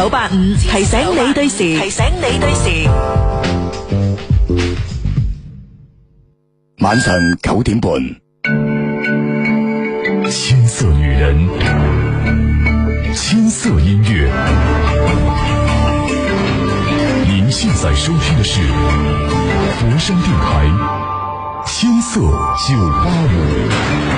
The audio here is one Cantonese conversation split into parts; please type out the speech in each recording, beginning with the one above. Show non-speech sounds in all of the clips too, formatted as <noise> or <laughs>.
九八五提醒你對時，提醒你對時。晚上九點半，青色女人，青色音樂。您現在收聽的是佛山電台青色九八五。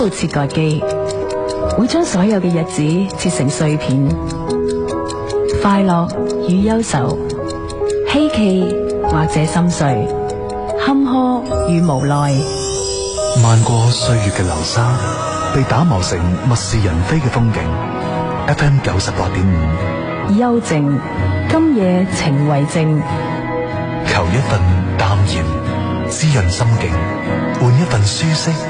部切割機會將所有嘅日子切成碎片，快樂與憂愁，希冀或者心碎，坎坷與無奈。漫過歲月嘅流沙，被打磨成物是人非嘅風景。 <laughs> FM 九十八點五，邱靜今夜情為證，求一份淡然滋潤心境，換一份舒適。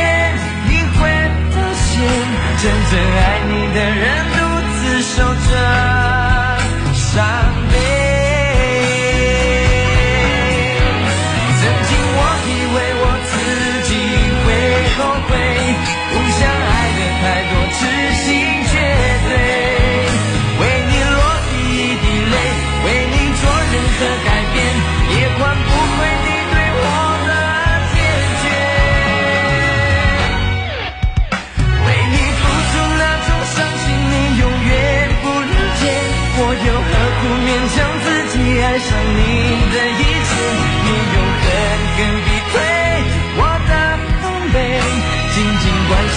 真正愛你的人。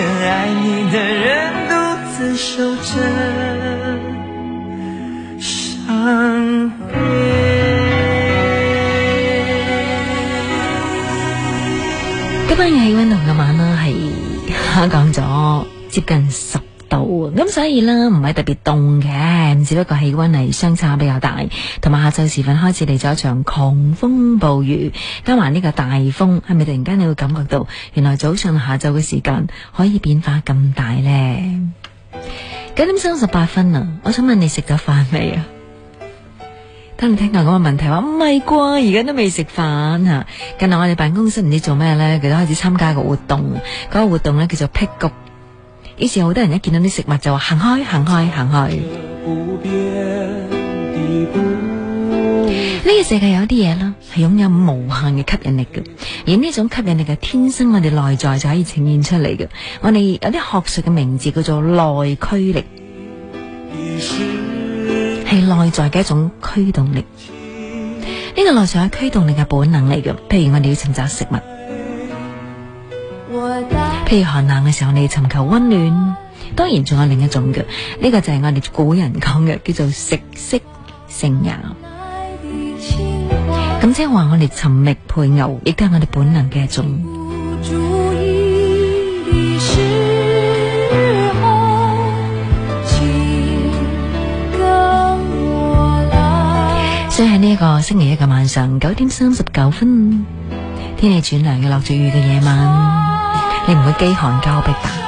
愛你的人，獨自守着傷悲。今晚嘅氣溫度嘅晚啦係下降咗接近十度，咁所以呢唔係特別凍嘅。只不過氣温係相差比較大，同埋下晝時分開始嚟咗一場狂風暴雨，加埋呢個大風，係咪突然間你會感覺到，原來早上下晝嘅時間可以變化咁大呢？九點三十八分啊，我想問你食咗飯未啊？當你聽到咁嘅問題話唔係啩，而家都未食飯吓，近日我哋辦公室唔知做咩呢，佢都開始參加個活動，嗰、嗰個活動呢，叫做辟谷。於是好多人一見到啲食物就話行開行開行開。呢 <music> 個世界有啲嘢啦，係擁有無限嘅吸引力嘅，而呢種吸引力嘅，天生我哋內在就可以呈現出嚟嘅。我哋有啲學術嘅名字叫做內驅力，係內在嘅一種驅動力。呢個內在係驅動力嘅本能嚟嘅，譬如我哋要尋找食物。譬如寒冷嘅時候，你尋求溫暖；當然仲有另一種嘅，呢個就係我哋古人講嘅叫做食色性也。咁即係話我哋尋覓配偶，亦都係我哋本能嘅一種。所以喺呢一個星期一嘅晚上九點三十九分，天氣轉涼又落住雨嘅夜晚。你唔會飢寒交迫吧？ <noise>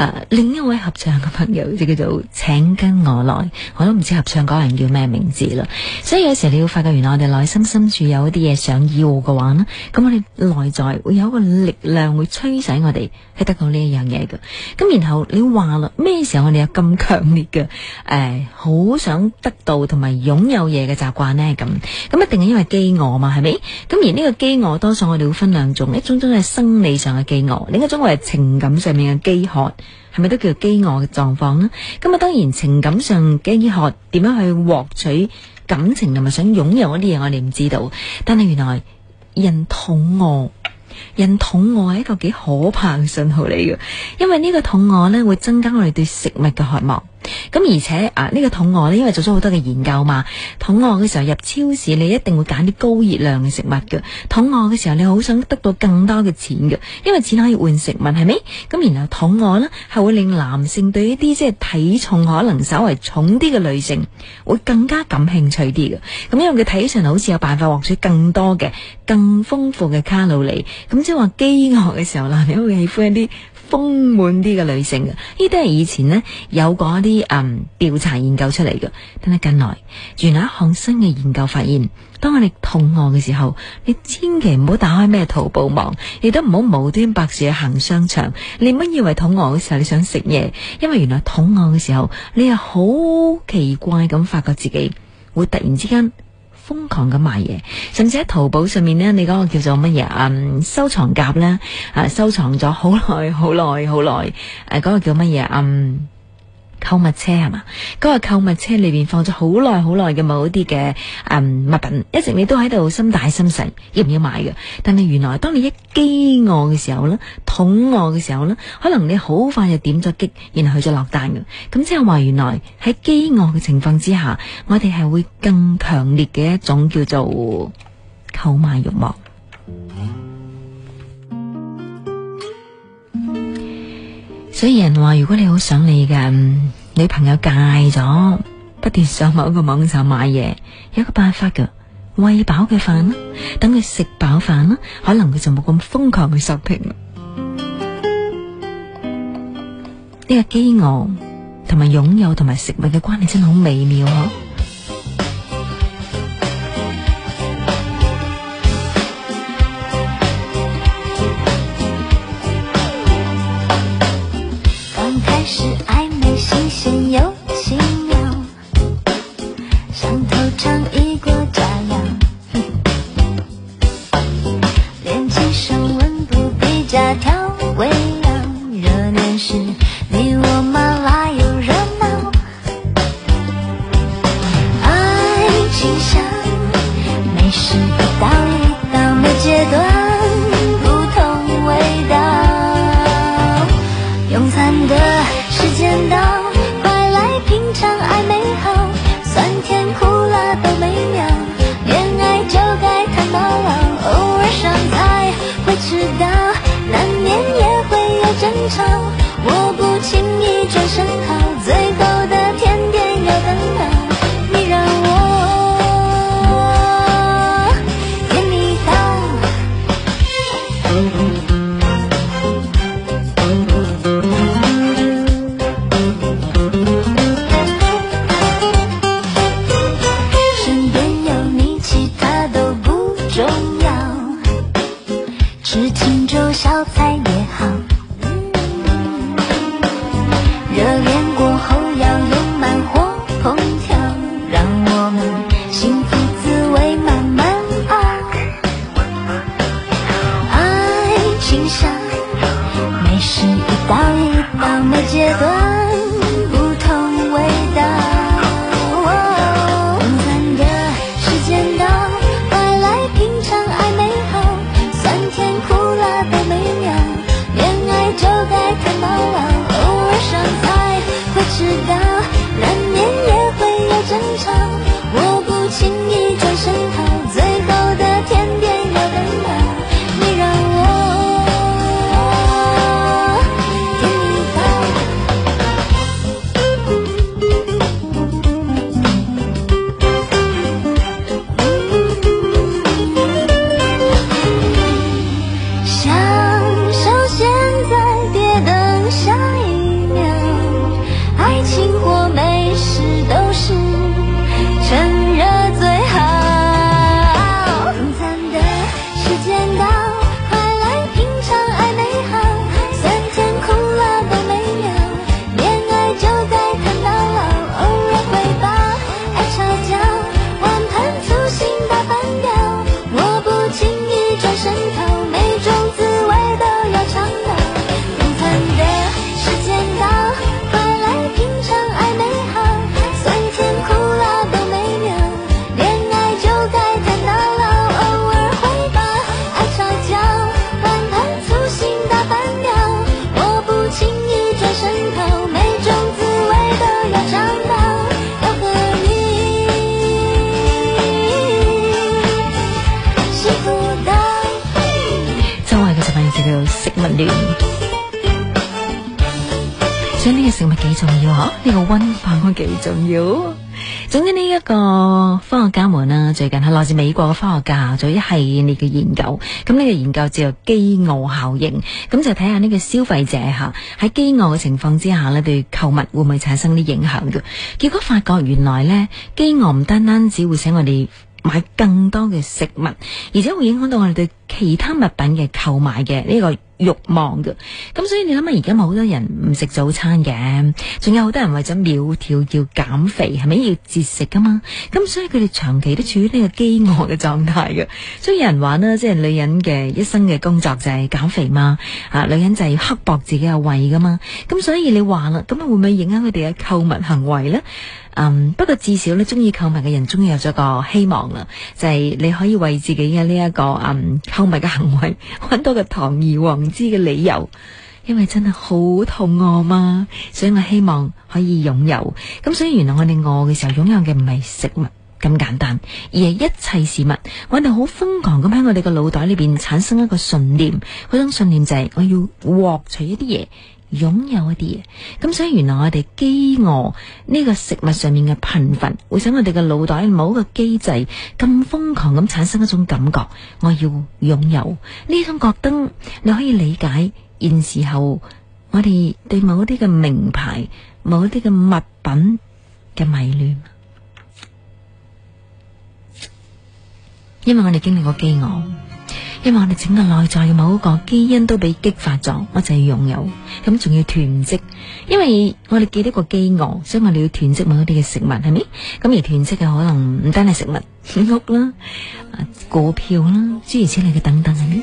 啊，另一位合唱嘅朋友，就叫做請跟我來，我都唔知合唱嗰人叫咩名字啦。所以有時你要發覺，原來我哋內心深處有一啲嘢想要嘅話呢，咁我哋內在會有一個力量會驅使我哋去得到呢一樣嘢嘅。咁然後你話啦，咩時候我哋有咁強烈嘅誒，好、呃、想得到同埋擁有嘢嘅習慣呢？咁咁一定係因為飢餓嘛，係咪？咁而呢個飢餓，多數我哋會分兩種，一種種係生理上嘅飢餓，另一種我係情感上面嘅飢渴。係咪都叫飢餓嘅狀況咧？咁啊，當然情感上飢渴點樣去獲取感情同埋想擁有一啲嘢，我哋唔知道。但係原來人肚餓，人肚餓係一個幾可怕嘅信號嚟嘅，因為、這個、呢個肚餓咧會增加我哋對食物嘅渴望。咁而且啊，呢個肚餓呢，因為做咗好多嘅研究嘛，肚餓嘅時候入超市，你一定會揀啲高熱量嘅食物嘅。肚餓嘅時候，你好想得到更多嘅錢嘅，因為錢可以換食物，係咪？咁然後肚餓呢，係會令男性對一啲即係體重可能稍為重啲嘅女性會更加感興趣啲嘅。咁因為佢睇起上嚟好似有辦法獲取更多嘅、更豐富嘅卡路里。咁即係話飢餓嘅時候，男性會喜歡一啲。豐滿啲嘅女性嘅，呢啲係以前呢有過一啲嗯調查研究出嚟嘅。但係近來，原來一項新嘅研究發現，當我哋肚餓嘅時候，你千祈唔好打開咩淘寶網，亦都唔好無端白住去行商場。你唔好以為肚餓嘅時候你想食嘢，因為原來肚餓嘅時候，你係好奇怪咁發覺自己會突然之間。瘋狂咁買嘢，甚至喺淘寶上面咧，你嗰個叫做乜嘢？嗯，收藏夾咧，啊，收藏咗好耐，好耐，好耐，誒、啊，嗰個叫乜嘢？嗯。購物車係嘛？嗰、那個購物車裏邊放咗好耐好耐嘅某一啲嘅、嗯、物品，一直你都喺度心大心細，要唔要買嘅？但係原來當你一飢餓嘅時候呢，肚餓嘅時候呢，可能你好快就點咗擊，然後去咗落單嘅。咁即係話原來喺飢餓嘅情況之下，我哋係會更強烈嘅一種叫做購買欲望。所以人話如果你好想、嗯、你嘅女朋友戒咗，不斷上某一個網站買嘢，有個辦法㗎餵飽佢飯啦，等佢食飽飯啦，可能佢就冇咁瘋狂去 shopping 啦。呢 <music> 個飢餓同埋擁有同埋食物嘅關係真係好微妙呵。美國嘅科學家做一系列嘅研究，咁呢個研究叫做飢餓效應，咁就睇下呢個消費者吓喺飢餓嘅情況之下呢，對購物會唔會產生啲影響嘅？結果發覺原來呢飢餓唔單單只會使我哋買更多嘅食物，而且會影響到我哋對其他物品嘅購買嘅呢個。欲望嘅，咁所以你諗下，而家咪好多人唔食早餐嘅，仲有好多人為咗苗條要減肥，係咪要節食噶嘛？咁所以佢哋長期都處於呢個飢餓嘅狀態嘅，所以有人話咧，即係女人嘅一生嘅工作就係減肥嘛，啊，女人就係刻薄自己嘅胃噶嘛，咁所以你話啦，咁會唔會影響佢哋嘅購物行為呢？嗯，um, 不過至少咧，中意購物嘅人，終於有咗個希望啦，就係、是、你可以為自己嘅呢一個嗯購、um, 物嘅行為，揾到個堂而皇之嘅理由，因為真係好肚餓嘛，所以我希望可以擁有。咁所以原來我哋餓嘅時候，擁有嘅唔係食物咁簡單，而係一切事物，揾到好瘋狂咁喺我哋嘅腦袋裏邊產生一個信念，嗰種信念就係、是、我要獲取一啲嘢。擁有一啲嘢，咁所以原來我哋飢餓呢個食物上面嘅貧乏，會使我哋嘅腦袋某一個機制咁瘋狂咁產生一種感覺，我要擁有呢種覺得，你可以理解現時候我哋對某一啲嘅名牌、某一啲嘅物品嘅迷戀，因為我哋經歷過飢餓。因為我哋整個內在嘅某一個基因都俾激發咗，我就要擁有，咁仲要囤積。因為我哋記得個飢餓，所以我哋要囤積某啲嘅食物，係咪？咁而囤積嘅可能唔單係食物、屋啦、股票啦、諸如此類嘅等等，係咪？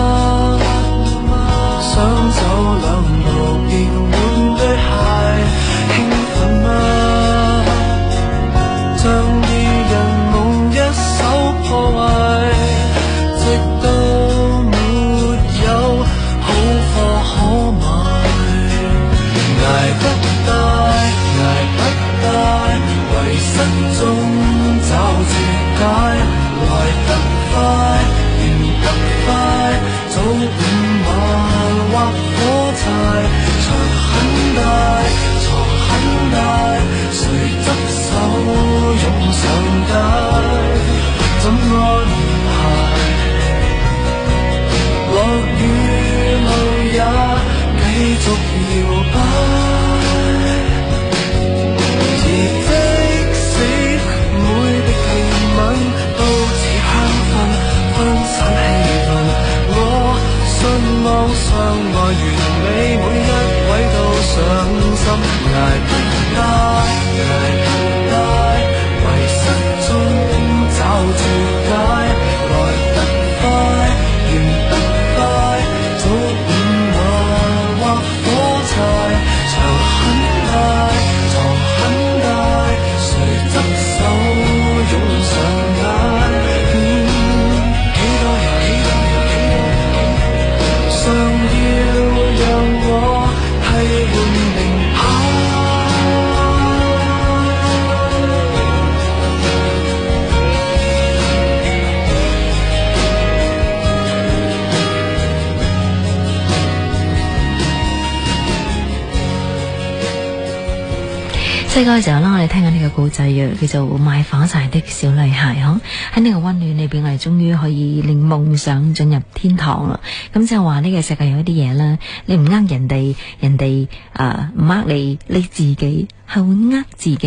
呢個時候啦，我哋聽緊呢個故仔，叫叫做賣火柴的小女孩嗬。喺呢個溫暖裏邊，我哋終於可以令夢想進入天堂啦。咁就係話呢個世界有一啲嘢啦，你唔呃人哋，人哋啊唔呃你，你自己係會呃自己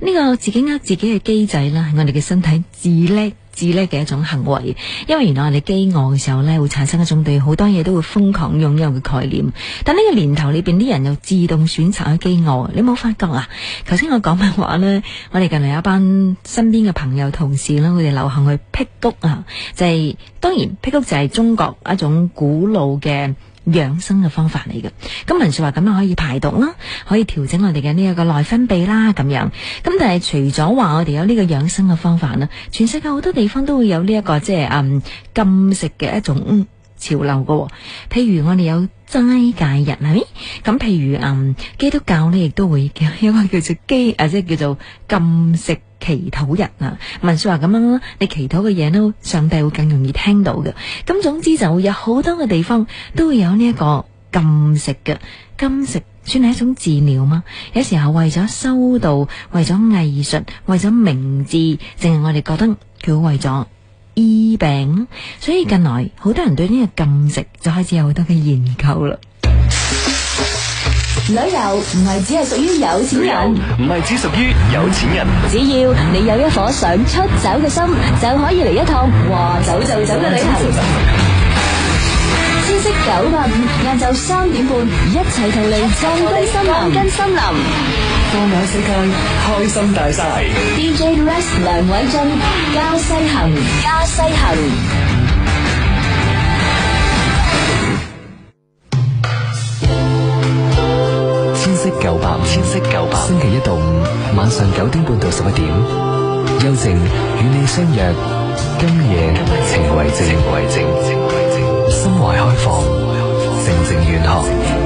嘅。呢個自己呃自己嘅機制啦，係我哋嘅身體自叻。自叻嘅一種行為，因為原來我哋飢餓嘅時候呢，會產生一種對好多嘢都會瘋狂擁有嘅概念。但呢個年頭裏邊啲人又自動選擇去飢餓，你冇發覺啊？頭先我講嘅話呢，我哋近嚟有一班身邊嘅朋友同事啦，佢哋流行去辟谷啊，就係、是、當然辟谷就係中國一種古老嘅養生嘅方法嚟嘅，咁云叔話咁啊可以排毒啦，可以調整我哋嘅呢一個內分泌啦，咁樣，咁但係除咗話我哋有呢個養生嘅方法啦，全世界好多地方都會有呢、這、一個即係嗯禁食嘅一種潮流噶，譬如，我哋有齋戒日，係咪？咁譬如啊、嗯、基督教咧亦都會嘅一個叫做基啊即係叫做禁食。祈禱人啊，文書話咁樣啦，你祈禱嘅嘢呢，上帝會更容易聽到嘅。咁總之就會有好多嘅地方都會有呢一個禁食嘅禁食，算係一種治療嗎？有時候為咗修道，為咗藝術，為咗明志，淨係我哋覺得佢為咗醫病。所以近來好多人對呢個禁食就開始有好多嘅研究啦。旅遊唔係只係屬於有錢人，旅遊唔係只屬於有錢人。只要你有一顆想出走嘅心，就可以嚟一趟話走就走嘅旅行。天色九百五，晏晝三點半，一齊同你正歸森林，跟森林，放眼世界，開心大晒。DJ West 梁偉俊，加西行，加西行。色九百，千九百。星期一到五晚上九點半到十一點，邱靜與你相約，今夜情為證為證，心懷開放，靜靜遠航。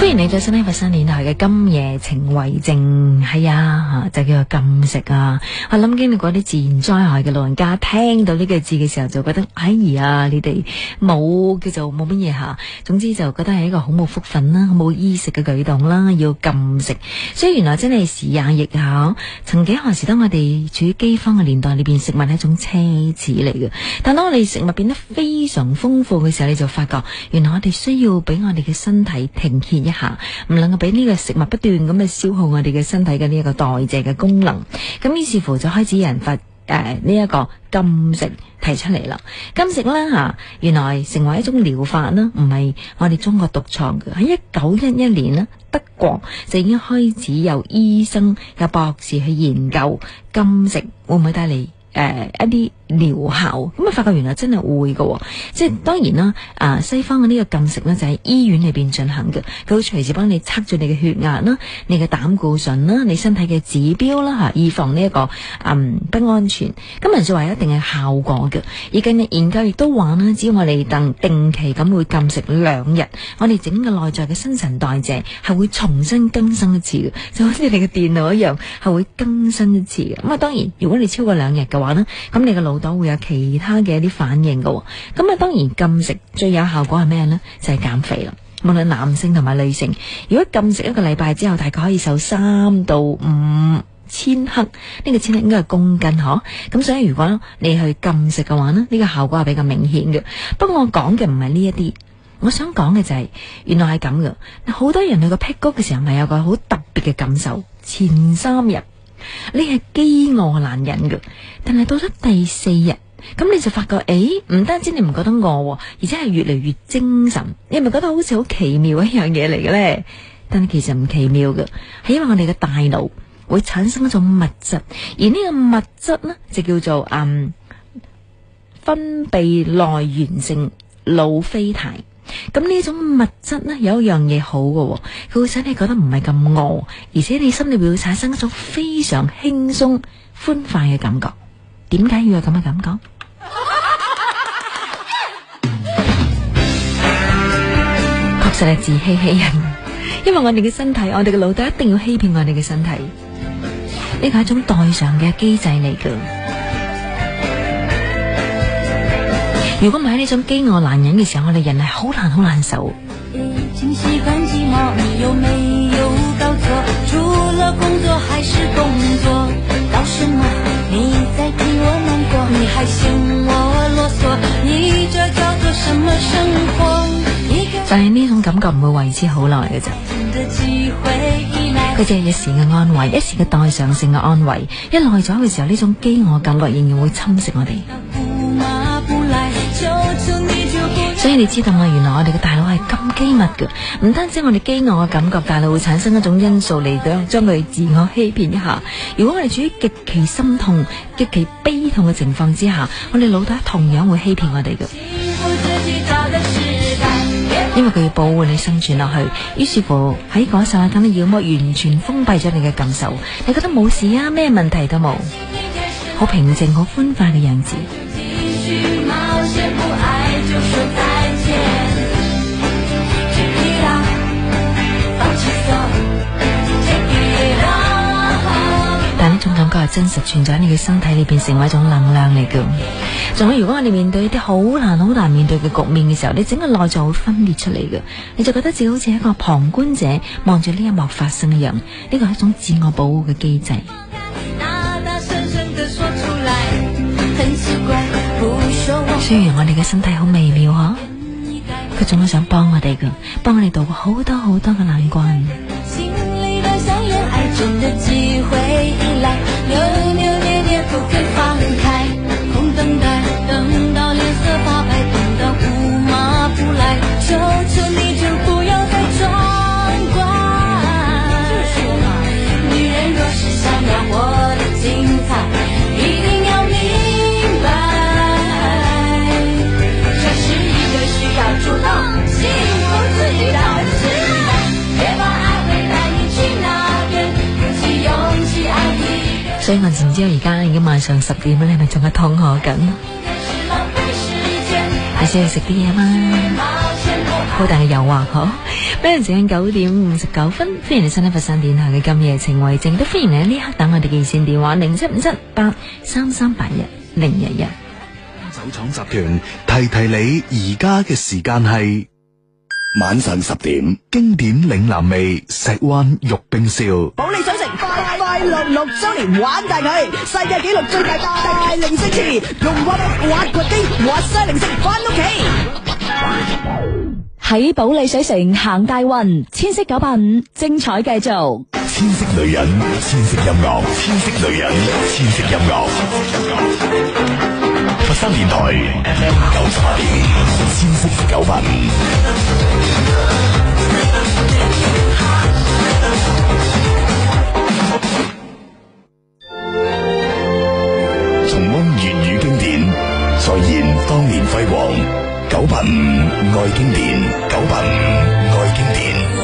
歡迎你再收聽《佛山電台》嘅《今夜情為證》，係啊吓，就叫做禁食啊！我諗經歷過啲自然災害嘅老人家，聽到呢個字嘅時候，就覺得哎呀，你哋冇叫做冇乜嘢吓，總之就覺得係一個好冇福分啦，冇衣食嘅舉動啦，要禁食。所以原來真係時也亦啊！曾幾何時，當我哋處於饑荒嘅年代裏邊，食物係一種奢侈嚟嘅。但當我哋食物變得非常豐富嘅時候，你就發覺，原來我哋需要俾我哋嘅身體停歇。唔、啊、能夠俾呢個食物不斷咁嘅消耗我哋嘅身體嘅呢一個代謝嘅功能，咁於是乎就開始有人發誒呢一個禁食提出嚟啦。禁食咧吓、啊，原來成為一種療法呢唔係我哋中國獨創嘅。喺一九一一年呢德國就已經開始有醫生、有博士去研究禁食會唔會帶嚟？誒、呃，一啲療效咁啊！發覺原來真係會嘅，即係當然啦。啊，西方嘅呢個禁食咧，就喺、是、醫院裏邊進行嘅，佢會隨時幫你測住你嘅血壓啦、你嘅膽固醇啦、你身體嘅指標啦吓，預、啊、防呢、這、一個嗯不安全。咁人就話一定係效果嘅，而近日研究亦都話咧，只要我哋定期咁會禁食兩日，我哋整個內在嘅新陳代謝係會重新更新一次嘅，就好似你嘅電腦一樣係會更新一次嘅。咁啊，當然如果你超過兩日嘅。話咧，咁你個腦袋會有其他嘅一啲反應噶、哦，咁啊當然禁食最有效果係咩呢？就係、是、減肥啦。無論男性同埋女性，如果禁食一個禮拜之後，大概可以瘦三到五千克，呢、這個千克應該係公斤嗬。咁所以如果你去禁食嘅話呢，呢、這個效果係比較明顯嘅。不過我講嘅唔係呢一啲，我想講嘅就係、是、原來係咁嘅。好多人去個辟穀嘅時候，係有個好特別嘅感受，前三日。你係饑餓難忍嘅，但係到咗第四日，咁你就發覺，誒、哎，唔單止你唔覺得餓，而且係越嚟越精神，你係咪覺得好似好奇妙一樣嘢嚟嘅咧？但係其實唔奇妙嘅，係因為我哋嘅大腦會產生一種物質，而呢個物質呢，就叫做嗯分泌內源性腦啡肽。咁呢種物質呢，有一樣嘢好嘅，佢會使你覺得唔係咁餓，而且你心裏會產生一種非常輕鬆、歡快嘅感覺。點解要有咁嘅感覺？確 <laughs> 實係自欺欺人，因為我哋嘅身體，我哋嘅腦袋一定要欺騙我哋嘅身體，呢個係一種代償嘅機制嚟嘅。如果唔係呢種飢餓難忍嘅時候，我哋人係好難好難受。已經習慣寂寞，你有沒有搞錯？除了工作還是工作，搞什麼？你在替我難過，你還嫌我囉嗦，你這叫做什麼生活？但係呢種感覺唔會維持好耐嘅啫，佢只係一時嘅安慰，一時嘅代償性嘅安慰，一耐咗嘅時候，呢種飢餓感覺仍然會侵蝕我哋。所以你知道嘛？原來我哋嘅大腦係咁機密嘅，唔單止我哋飢餓嘅感覺，大腦會產生一種因素嚟將將佢自我欺騙一下。如果我哋處於極其心痛、極其悲痛嘅情況之下，我哋腦袋同樣會欺騙我哋嘅。因為佢要保護你生存落去，於是乎喺嗰時候咧，你要麼完全封閉咗你嘅感受，你覺得冇事啊，咩問題都冇，好平靜、好歡快嘅樣子。但呢種感覺係真實存在你嘅身體裏邊，成為一種能量嚟嘅。仲有，如果我哋面對一啲好難、好難面對嘅局面嘅時候，你整個內在就會分裂出嚟嘅，你就覺得自己好似一個旁觀者，望住呢一幕發生嘅人，呢個係一種自我保護嘅機制。雖然我哋嘅身體好微妙嗬，佢仲係想幫我哋嘅，幫我哋度過好多好多嘅難關。聽陣時唔知我而家已經晚上十點啦，你係咪仲係躺下緊？係需要食啲嘢嘛，好 <music> 大嘅誘惑嗬！聽陣 <laughs> 時響九點五十九分，歡迎你收聽佛山電台嘅《今夜情為證》，都歡迎你喺呢刻等我哋嘅熱線電話零七五七八三三八一零一一。酒廠集團提提你，而家嘅時間係。晚上十點，經典嶺南味，石灣玉冰燒。保利水城，快快樂樂周年玩大佢，世界紀錄最大架大零食池，用滑滑滑滑啲滑西零食翻屋企。喺保利水城行大運，千色九八五，精彩繼續。千色女人，千色音樂，千色女人，千色音樂。佛山電台 FM 九七，千色九八五，重溫粵語經典，再現當年輝煌。九八五愛經典，九八五愛經典。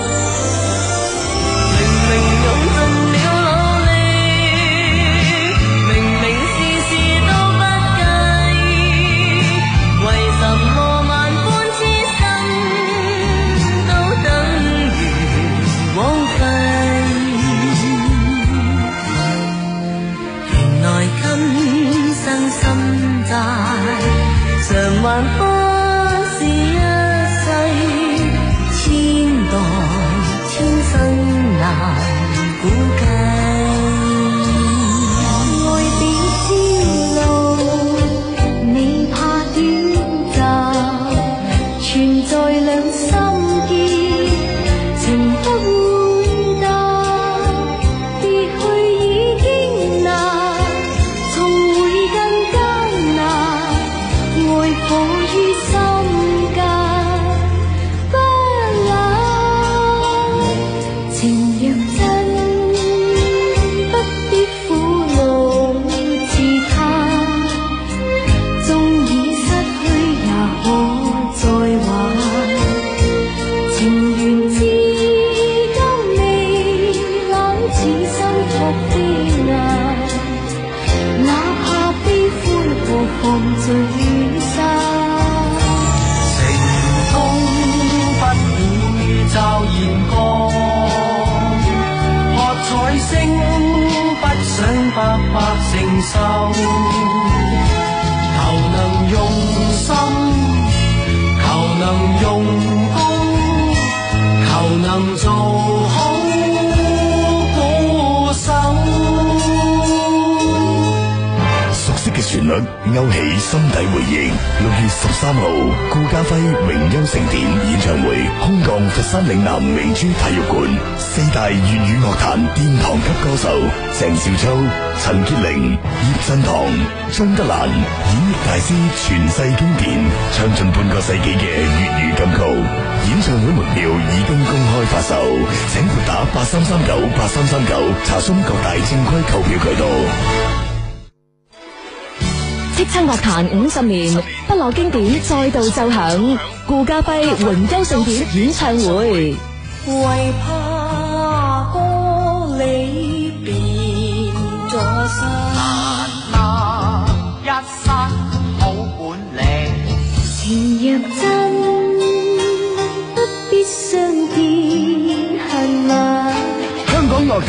嶺南明珠體育館，四大粵語樂壇殿堂級歌手鄭少秋、陳潔玲、葉振棠、張德蘭演繹大師，傳世經典，唱盡半個世紀嘅粵語金曲，演唱會門票已經公開發售，請撥打八三三九八三三九查詢各大正規購票渠道。叱咤樂壇五十年不落經典，再度奏響。顧嘉輝《榮休盛典》演唱會。 <noise>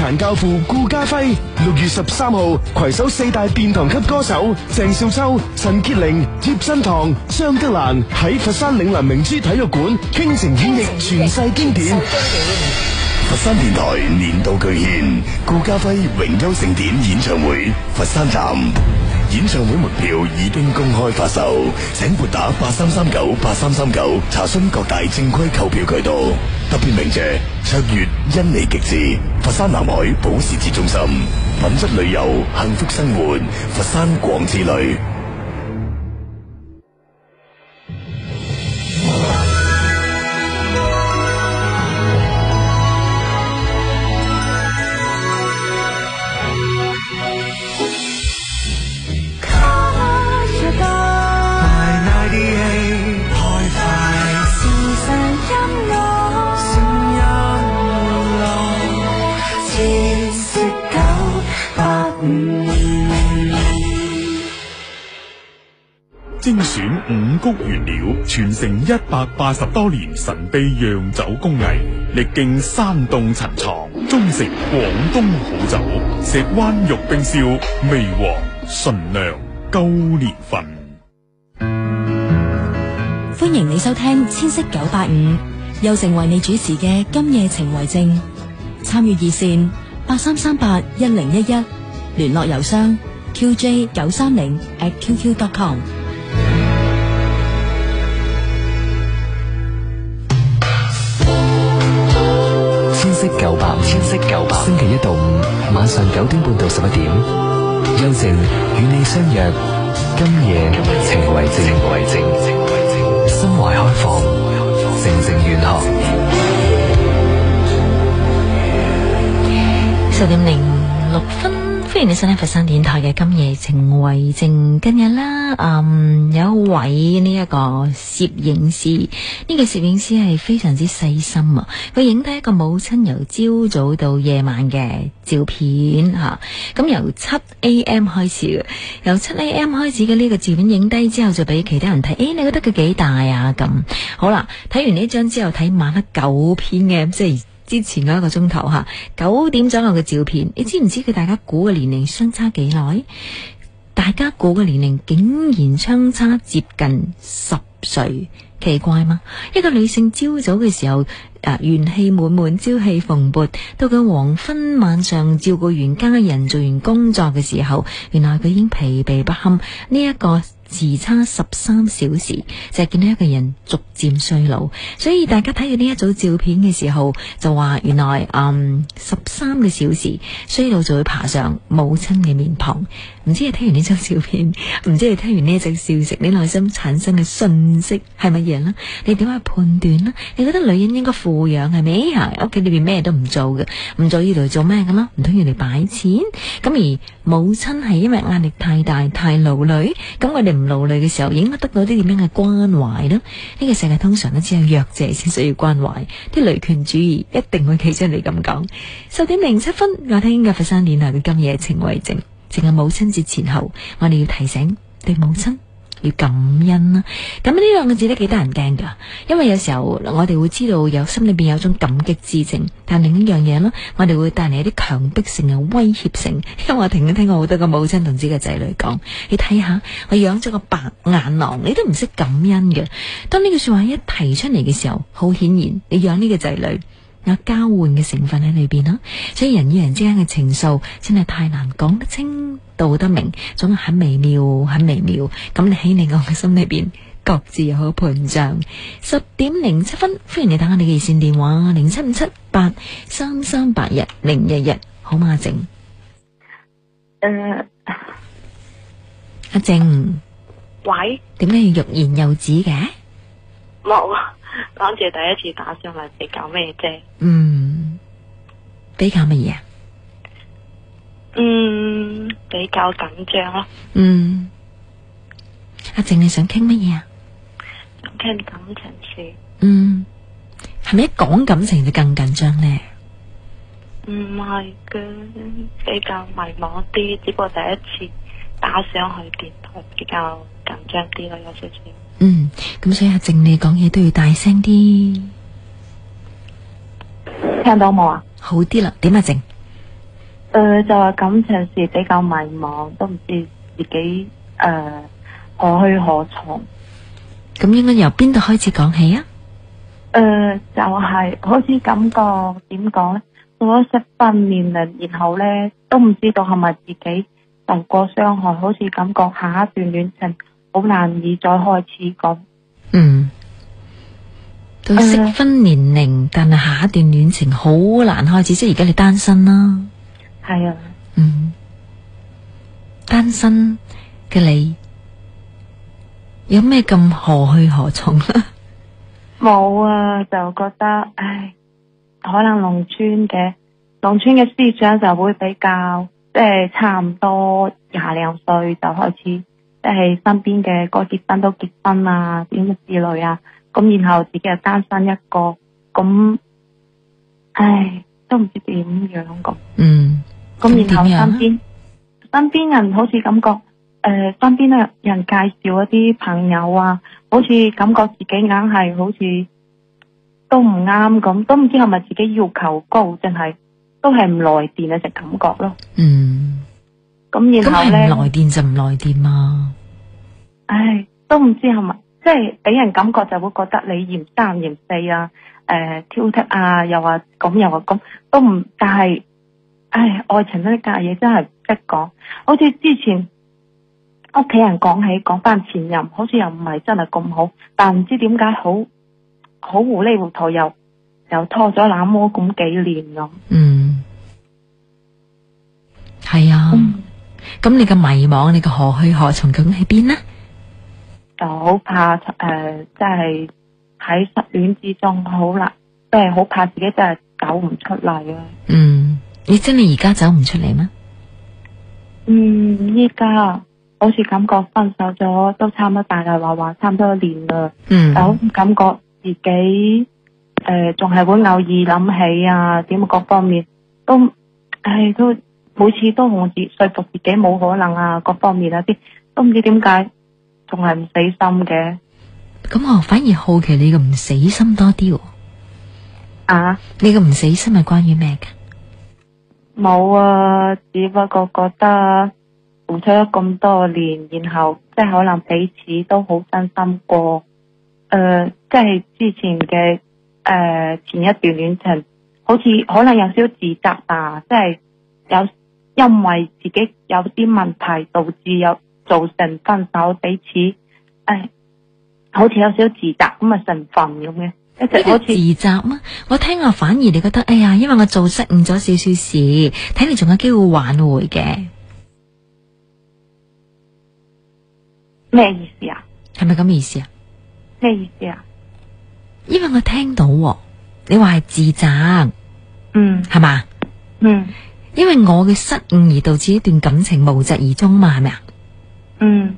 陳教父顧嘉輝六月十三號攜手四大殿堂級歌手鄭少秋、陳潔玲、葉振棠、張德蘭喺佛山嶺南明珠體育館傾情傾力傳世經典。經典佛山電台年度巨獻顧嘉輝榮休盛典演唱會佛山站。演唱會門票已經公開發售，請撥打八三三九八三三九查詢各大正規購票渠道。特別鳴謝卓越、因你極致、佛山南海保時捷中心，品質旅遊，幸福生活，佛山廣之旅。五穀原料傳承一百八十多年神秘釀酒工藝，歷經山洞陳藏，鐘成廣東好酒。石灣玉冰燒，味皇醇良，夠年份。歡迎你收聽千色九八五，又成為你主持嘅今夜情為證。參與熱線八三三八一零一一，聯絡郵箱 qj 九三零 atqq.com。Q Q. Com 千色九星期一到五晚上九點半到十一點，邱靜與你相約，今夜情為證，情為證，心懷開放，靜靜遠航。歡迎你收聽佛山電台嘅《今夜情為證》，今日啦，嗯，有一位呢一個攝影師，呢、這個攝影師係非常之細心啊！佢影低一個母親由朝早到夜晚嘅照片吓，咁由七 am 開始，由七 am 開始嘅呢個照片影低之後，就俾其他人睇。誒、哎，你覺得佢幾大啊？咁好啦，睇完呢張之後，睇晚黑九 pm 嘅。即係。之前嗰一個鐘頭吓，九點左右嘅照片，你知唔知佢大家估嘅年齡相差幾耐？大家估嘅年齡竟然相差接近十歲，奇怪嗎？一個女性朝早嘅時候，啊，元氣滿滿，朝氣蓬勃；到佢黃昏晚上，照顧完家人，做完工作嘅時候，原來佢已經疲憊不堪。呢一個。時差十三小時，就係、是、見到一個人逐漸衰老，所以大家睇到呢一組照片嘅時候，就話原來嗯十三個小時衰老就會爬上母親嘅面龐。唔知你聽完呢張照片，唔知你聽完呢一隻消息，食你內心產生嘅訊息係乜嘢呢？你點去判斷呢？你覺得女人應該富養係咪啊？屋企裏邊咩都唔做嘅，唔做呢度做咩咁啦？唔通要嚟擺錢？咁而母親係因為壓力太大太勞累，咁我哋。唔努力嘅時候，應該得到啲點樣嘅關懷呢？呢、這個世界通常都只有弱者先需要關懷。啲女權主義一定會企出嚟咁講。十點零七分，我聽《亞佛山戀人》嘅《今夜情為證》，淨係母親節前後，我哋要提醒對母親。要感恩啦、啊，咁呢兩個字都幾得人驚噶，因為有時候我哋會知道有心裏邊有種感激之情，但另一樣嘢咧，我哋會帶嚟一啲強迫性嘅威脅性。因為我曾經聽過好多個母親同自己嘅仔女講，你睇下我養咗個白眼狼，你都唔識感恩嘅。當呢句說話一提出嚟嘅時候，好顯然你養呢個仔女。有交換嘅成分喺裏邊咯，所以人與人之間嘅情愫真係太難講得清，道得明，總係很微妙、很微妙。咁你喺你我嘅心裏邊，各自有好膨脹。十點零七分，歡迎你打下你嘅熱線電話零七五七八三三八一零一一，好嘛，阿靜。誒，阿靜，喂，點解要欲言又止嘅？冇。講住第一次打上嚟，比較咩啫？嗯，比較乜嘢？嗯，比較緊張咯。嗯，阿靜，你想傾乜嘢啊？傾感情事。嗯，係咪講感情就更緊張咧？唔係嘅，比較迷茫啲，只不過第一次打上去電台，比較緊張啲咯，有少少。嗯，咁所以阿靜你講嘢都要大聲啲，聽到冇啊？好啲啦，點啊，靜？誒，就係、是、感情事比較迷茫，都唔知自己誒、呃、何去何從。咁應該由邊度開始講起啊？誒、呃，就係、是、好似感覺點講咧？我失分年齡，然後咧都唔知道係咪自己受過傷害，好似感覺下一段戀情。好難以再開始咁，嗯，到適婚年齡，呃、但係下一段戀情好難開始。呃、即係而家你單身啦，係啊，嗯，單身嘅你有咩咁何去何從咧？冇 <laughs> 啊，就覺得唉，可能農村嘅農村嘅思想就會比較，即、欸、係差唔多廿兩歲就開始。即係身邊嘅個結婚都結婚啊，點乜之類啊，咁然後自己又單身一個，咁唉都唔知點樣咁。嗯。咁然後身邊身邊人好似感覺，誒、呃、身邊都有人介紹一啲朋友啊，好似感覺自己硬係好似都唔啱咁，都唔知係咪自己要求高，定係都係唔來電啊只感覺咯。嗯。咁然後咧，來電就唔來電啊！唉，都唔知係咪，即係俾人感覺就會覺得你嫌三嫌四啊，誒、呃、挑剔啊，又話咁又話咁，都唔，但係，唉，愛情呢啲架嘢真係唔得講。好似之前屋企人講起講翻前任，好似又唔係真係咁好，但唔知點解好，好糊裡糊塗又又拖咗攬魔咁幾年咁。嗯，係啊。嗯咁你個迷惘，你個何去何從咁喺邊呢？就好怕誒，即係喺失戀之中好難，即係好怕自己真係走唔出嚟啊！嗯，你真係而家走唔出嚟咩？嗯，依家好似感覺分手咗都差唔多大嘅話，話差唔多一年啦。嗯，就感覺自己誒仲係會偶爾諗起啊，點各方面都唉都。哎都好似都我自己說服自己冇可能啊，各方面啊啲都唔知點解，仲係唔死心嘅。咁我、哦、反而好奇你個唔死心多啲、哦。啊？你個唔死心係關於咩嘅？冇啊，只不過覺得付出咗咁多年，然後即係可能彼此都好真心過。誒、呃，即係之前嘅誒、呃、前一段戀情，好似可能有少少自責啊，即係有。因為自己有啲問題導致有造成分手，彼此誒好似有少少自責咁嘅成分。咁嘅，一直好似自責咩？我聽啊，反而你覺得哎呀，因為我做失誤咗少少事，睇嚟仲有機會挽回嘅，咩意思啊？係咪咁意思啊？咩意思啊？因為我聽到你話係自責，嗯，係嘛吧，嗯。因為我嘅失誤而導致一段感情無疾而終嘛，係咪啊？嗯，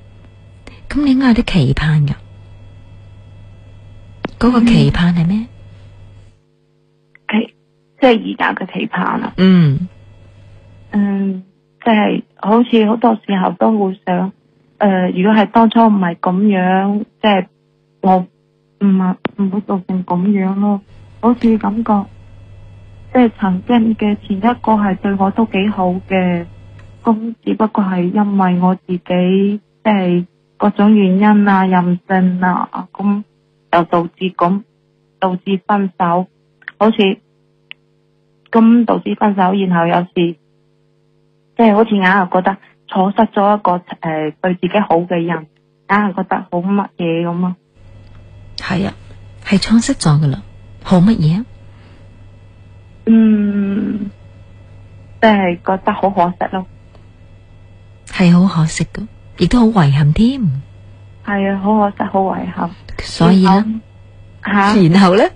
咁你應該有啲期盼嘅，嗰、那個期盼係咩？期、嗯、即係而家嘅期盼啊？嗯，嗯，即、就、係、是、好似好多時候都會想，誒、呃，如果係當初唔係咁樣，即、就、係、是、我唔係唔會做成咁樣咯，好似感覺。即係曾經嘅前一個係對我都幾好嘅，咁只不過係因為我自己即係、就是、各種原因啊、任性啊，咁又導致咁導致分手，好似咁導致分手，然後有時、就是即係好似硬係覺得錯失咗一個誒、呃、對自己好嘅人，硬係覺得好乜嘢咁啊？係啊，係錯失咗噶啦，好乜嘢啊？嗯，真、就、係、是、覺得好可惜咯，係好可惜噶，亦都好遺憾添。係啊，好可惜，好遺憾。所以啊，吓，然後咧，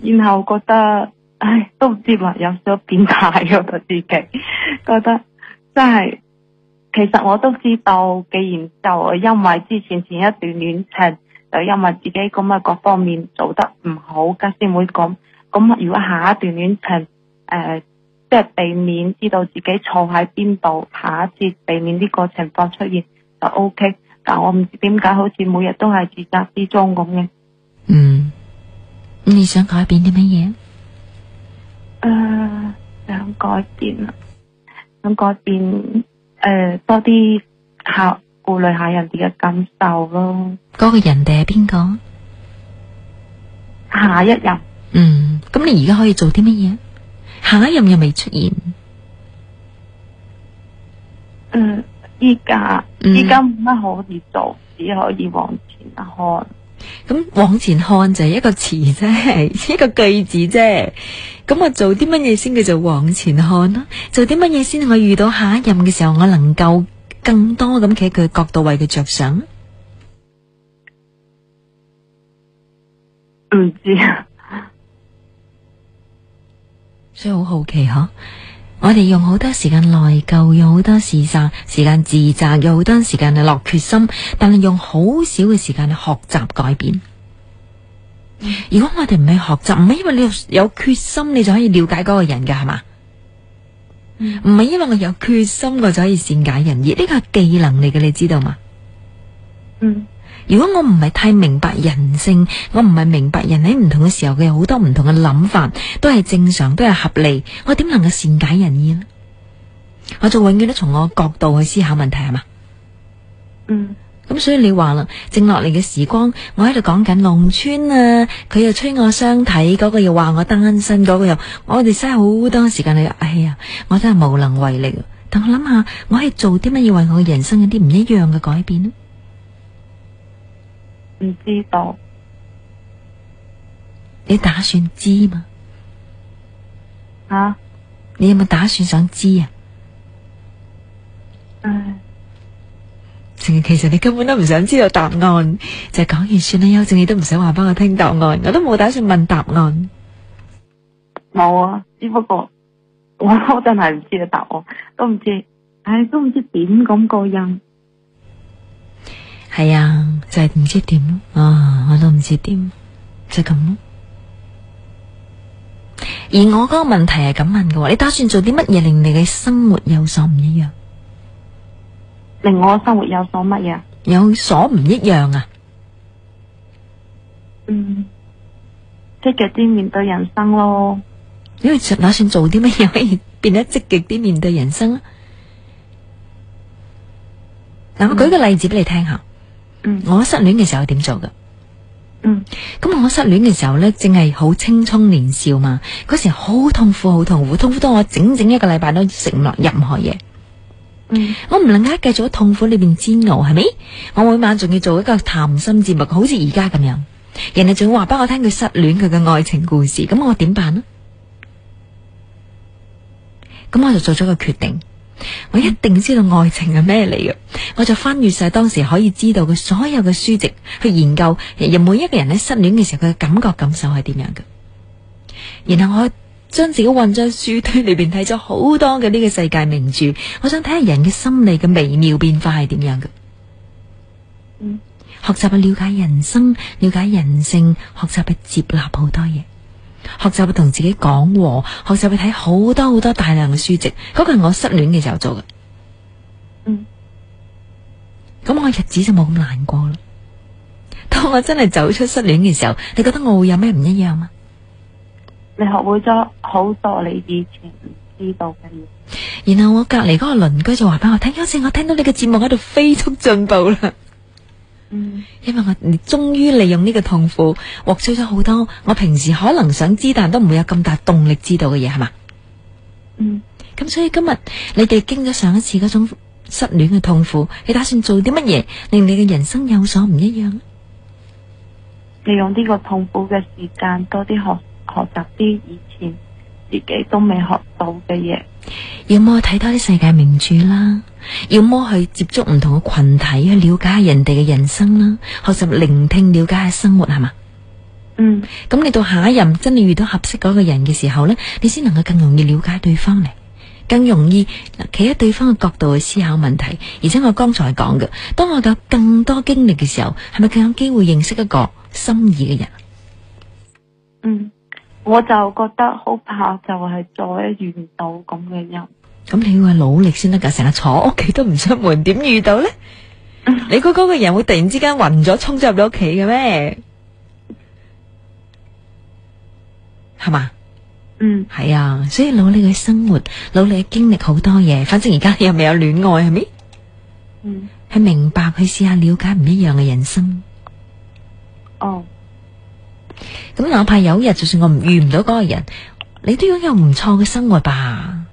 然後覺得，唉，都唔知話有少少變態我自己，覺得真係，其實我都知道，既然就因為之前前一段戀情，就因為自己咁嘅各方面做得唔好，家先會咁。咁如果下一段戀情，誒、呃，即係避免知道自己錯喺邊度，下一節避免呢個情況出現就 OK。但我唔知點解好似每日都係自責之中咁嘅。嗯，你想改變啲乜嘢？誒、呃，想改變啊、呃嗯呃，想改變誒、呃，多啲下顧慮下人哋嘅感受咯。個人哋係邊個？下一任。嗯，咁你而家可以做啲乜嘢？下一任又未出現。嗯，依家依家冇乜可以做，只可以往前看。咁、嗯、往前看就係一個詞啫，係一個句子啫。咁我做啲乜嘢先叫做往前看啦？做啲乜嘢先可以遇到下一任嘅時候，我能夠更多咁企佢角度為佢着想。唔知啊。所以好好奇嗬，我哋用好多時間內疚，用好多時間時間自責，有好多時間去落決心，但係用好少嘅時間去學習改變。如果我哋唔去學習，唔係因為你有決心，你就可以了解嗰個人嘅，係嘛？唔係、嗯、因為我有決心，我就可以善解人意。呢個係技能嚟嘅，你知道嘛？嗯。如果我唔係太明白人性，我唔係明白人喺唔同嘅時候，佢有好多唔同嘅諗法，都係正常，都係合理。我點能夠善解人意咧？我就永遠都從我角度去思考問題，係嘛？嗯。咁所以你話啦，剩落嚟嘅時光，我喺度講緊農村啊，佢又催我相睇，嗰個又話我單身，嗰個又，我哋嘥好多時間嚟。哎呀，我真係無能為力。但我諗下，我係做啲乜要為我嘅人生有啲唔一樣嘅改變咧？唔知道，你打算知嘛？吓、啊，你有冇打算想知啊？唉，其實其實你根本都唔想知道答案，就講、是、完算啦。邱靜，你都唔想話俾我聽答案，我都冇打算問答案。冇啊，只不過我真係唔知道答案，都唔知，唉，都唔知點咁過癮。係啊，就係唔知點啊，我都唔知點，就咁咯。而我嗰個問題係咁問嘅話，你打算做啲乜嘢令你嘅生活有所唔一樣？令我嘅生活有所乜嘢？有所唔一樣啊？嗯，積極啲面對人生咯。你打算做啲乜嘢可以變得積極啲面對人生？嗱、嗯，我舉個例子俾你聽下。嗯，我失戀嘅時候點做㗎？嗯，咁我失戀嘅時候呢，正係好青春年少嘛，嗰時好痛苦，好痛苦，痛苦到我整整一個禮拜都食唔落任何嘢。嗯，我唔能夠繼續喺痛苦裏面煎熬，係咪？我每晚仲要做一個談心節目，好似而家咁樣，人哋仲要話俾我聽佢失戀佢嘅愛情故事，咁我點辦呢？咁我就做咗個決定。我一定知道愛情係咩嚟嘅，我就翻閱晒當時可以知道嘅所有嘅書籍去研究人，人每一個人喺失戀嘅時候佢嘅感覺感受係點樣嘅。然後我將自己混在書堆裏邊睇咗好多嘅呢個世界名著，我想睇下人嘅心理嘅微妙變化係點樣嘅。嗯，學習去了解人生，了解人性，學習去接納好多嘢。學習會同自己講，學習會睇好多好多大量嘅書籍。嗰個係我失戀嘅時候做嘅，嗯，咁我日子就冇咁難過啦。當我真係走出失戀嘅時候，你覺得我會有咩唔一樣呀？你學會咗好多你以前唔知道嘅嘢。然後我隔籬嗰個鄰居就話俾我聽，好似我聽到你嘅節目喺度飛速進步啦。嗯，因為我你終於利用呢個痛苦，獲取咗好多我平時可能想知但都唔會有咁大動力知道嘅嘢，係嘛？2 嗯，咁所以今日你哋經咗上一次嗰種失戀嘅痛苦，你打算做啲乜嘢令你嘅人生有所唔一樣？利用呢個痛苦嘅時間，多啲學學習啲以前自己都未學到嘅嘢，要麼睇多啲世界名著啦。要麼去接觸唔同嘅群體，去了解下人哋嘅人生啦，學習聆聽，了解下生活係嘛？嗯，咁你到下一任，真係遇到合適嗰個人嘅時候呢，你先能夠更容易了解對方嚟，更容易企喺對方嘅角度去思考問題。而且我剛才講嘅，當我有更多經歷嘅時候，係咪更有機會認識一個心意嘅人？嗯，我就覺得好怕，就係再一遇到咁嘅人。咁你要係努力先得噶，成日坐屋企都唔出門，點遇到咧？ <laughs> 你估嗰個人會突然之間暈咗沖咗入到屋企嘅咩？係嘛？嗯，係嗎、嗯、啊，所以努力去生活，努力去經歷好多嘢。反正而家你又未有戀愛係咪？嗯，係明白，去試下了解唔一樣嘅人生。哦，咁哪怕有一日，就算我唔遇唔到嗰個人，你都擁有唔錯嘅生活吧。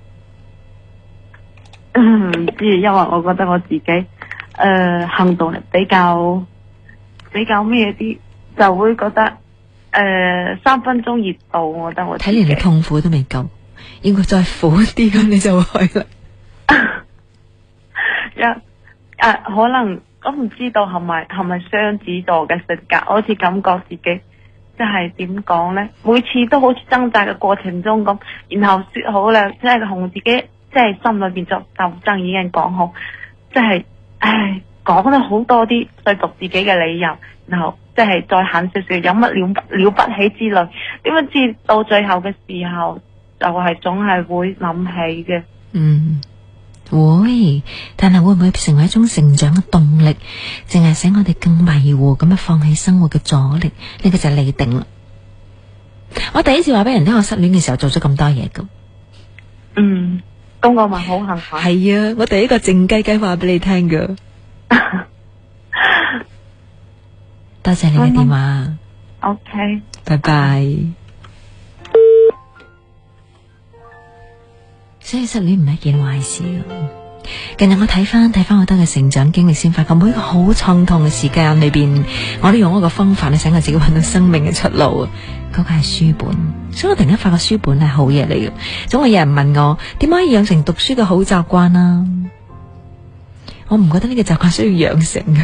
嗯，唔知，因為我覺得我自己誒、呃、行動力比較比較咩啲，就會覺得誒、呃、三分鐘熱度，我覺得我睇連你痛苦都未夠，應該再苦啲，咁你就去啦。一誒 <laughs> 、yeah, 啊、可能我唔知道係咪係咪雙子座嘅性格，我好似感覺自己即係點講咧，每次都好似掙扎嘅過程中咁，然後說好啦，即係同自己。即係心裏邊就鬥爭已經講好，即係唉，講咗好多啲說服自己嘅理由，然後即係再狠少少，有乜了了不起之類，點樣知到最後嘅時候，就係、是、總係會諗起嘅。嗯，會，但係會唔會成為一種成長嘅動力，淨係使我哋更迷糊咁樣，放棄生活嘅阻力，呢、這個就係你定啦。我第一次話俾人聽，我失戀嘅時候做咗咁多嘢咁。嗯。咁我咪好幸福。係 <laughs> 啊，我第一個靜雞雞話俾你聽噶多謝你嘅電話。 <noise> OK。拜拜。所以失戀唔係一件壞事，啊。近日我睇翻睇翻我得嘅成長經歷，先發覺每一個好創痛嘅時間裏邊，我都用一個方法，使我自己揾到生命嘅出路。嗰、那個係書本，所以我突然間發覺書本係好嘢嚟嘅。總係有人問我「點解可以養成讀書嘅好習慣啊？」我唔覺得呢個習慣需要養成嘅。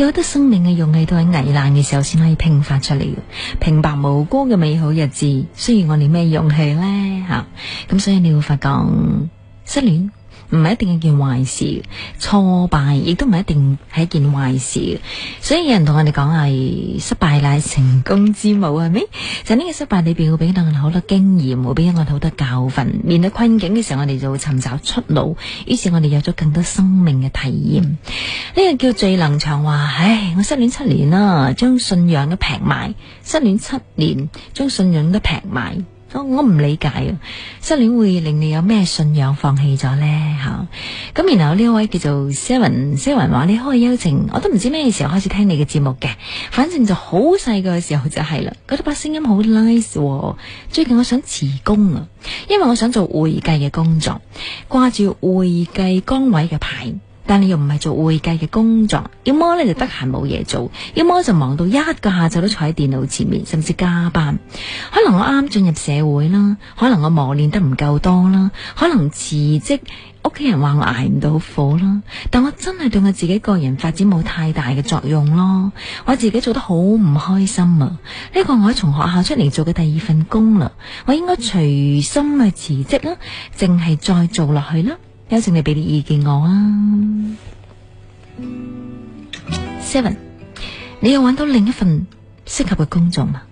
有一啲生命嘅勇氣，都喺危難嘅時候先可以拼發出嚟。平白無故嘅美好日子，需要我哋咩勇氣咧？吓、啊，咁所以你會發覺失戀。唔係一定係件壞事，挫敗亦都唔係一定係一件壞事。所以有人同我哋講係失敗乃成功之母，係咪？就呢、是、個失敗裏邊會俾到我好多經驗，會俾到我好多教訓。面對困境嘅時候，我哋就會尋找出路。於是我哋有咗更多生命嘅體驗。呢、嗯、個叫最能長話。唉，我失戀七年啦，將信仰都平埋。失戀七年，將信仰都平埋。我唔理解啊！失戀會令你有咩信仰放棄咗呢？吓、啊、咁，然後呢位叫做 seven，seven 話你可以邀請，我都唔知咩時候開始聽你嘅節目嘅，反正就好細個嘅時候就係啦。佢哋把聲音好 nice、哦。最近我想辭工啊，因為我想做會計嘅工作，掛住會計崗位嘅牌。但你又唔係做會計嘅工作，要麼你就得閒冇嘢做，要麼就忙到一個下晝都坐喺電腦前面，甚至加班。可能我啱進入社會啦，可能我磨練得唔夠多啦，可能辭職，屋企人話我挨唔到火啦。但我真係對我自己個人發展冇太大嘅作用咯，我自己做得好唔開心啊！呢個我係從學校出嚟做嘅第二份工啦，我應該隨心去辭職啦，淨係再做落去啦。邀請你俾啲意見我啊，Seven，你有揾到另一份適合嘅工作嗎？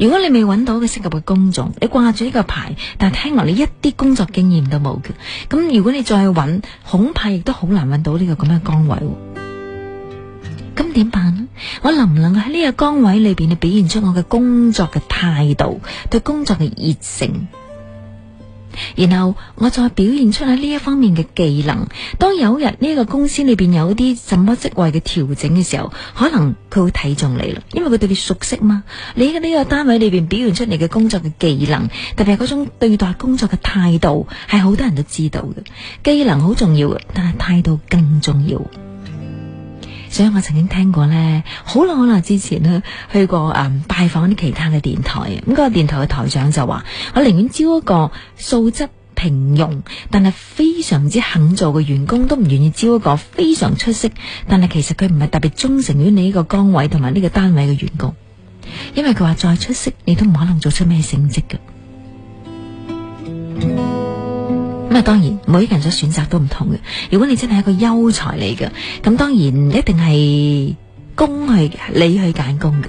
如果你未揾到嘅適合嘅工作，你掛住呢個牌，但係聽落你一啲工作經驗都冇嘅，咁如果你再揾，恐怕亦都好難揾到呢個咁嘅崗位。咁點辦咧？我能唔能夠喺呢個崗位裏邊，你表現出我嘅工作嘅態度，對工作嘅熱誠？然後我再表現出喺呢一方面嘅技能。當有一日呢個公司裏邊有啲什麼職位嘅調整嘅時候，可能佢會睇中你啦，因為佢對你熟悉嘛。你喺呢個單位裏邊表現出嚟嘅工作嘅技能，特別係嗰種對待工作嘅態度，係好多人都知道嘅。技能好重要嘅，但係態度更重要。所以我曾經聽過咧，好耐好耐之前咧，去過誒拜訪啲其他嘅電台，咁嗰個電台嘅台長就話：我寧願招一個素質平庸，但係非常之肯做嘅員工，都唔願意招一個非常出色，但係其實佢唔係特別忠誠於你呢個崗位同埋呢個單位嘅員工，因為佢話再出色，你都唔可能做出咩成績嘅。咁啊，當然每個人所選擇都唔同嘅。如果你真係一個優才嚟嘅，咁當然一定係工去，你去揀工嘅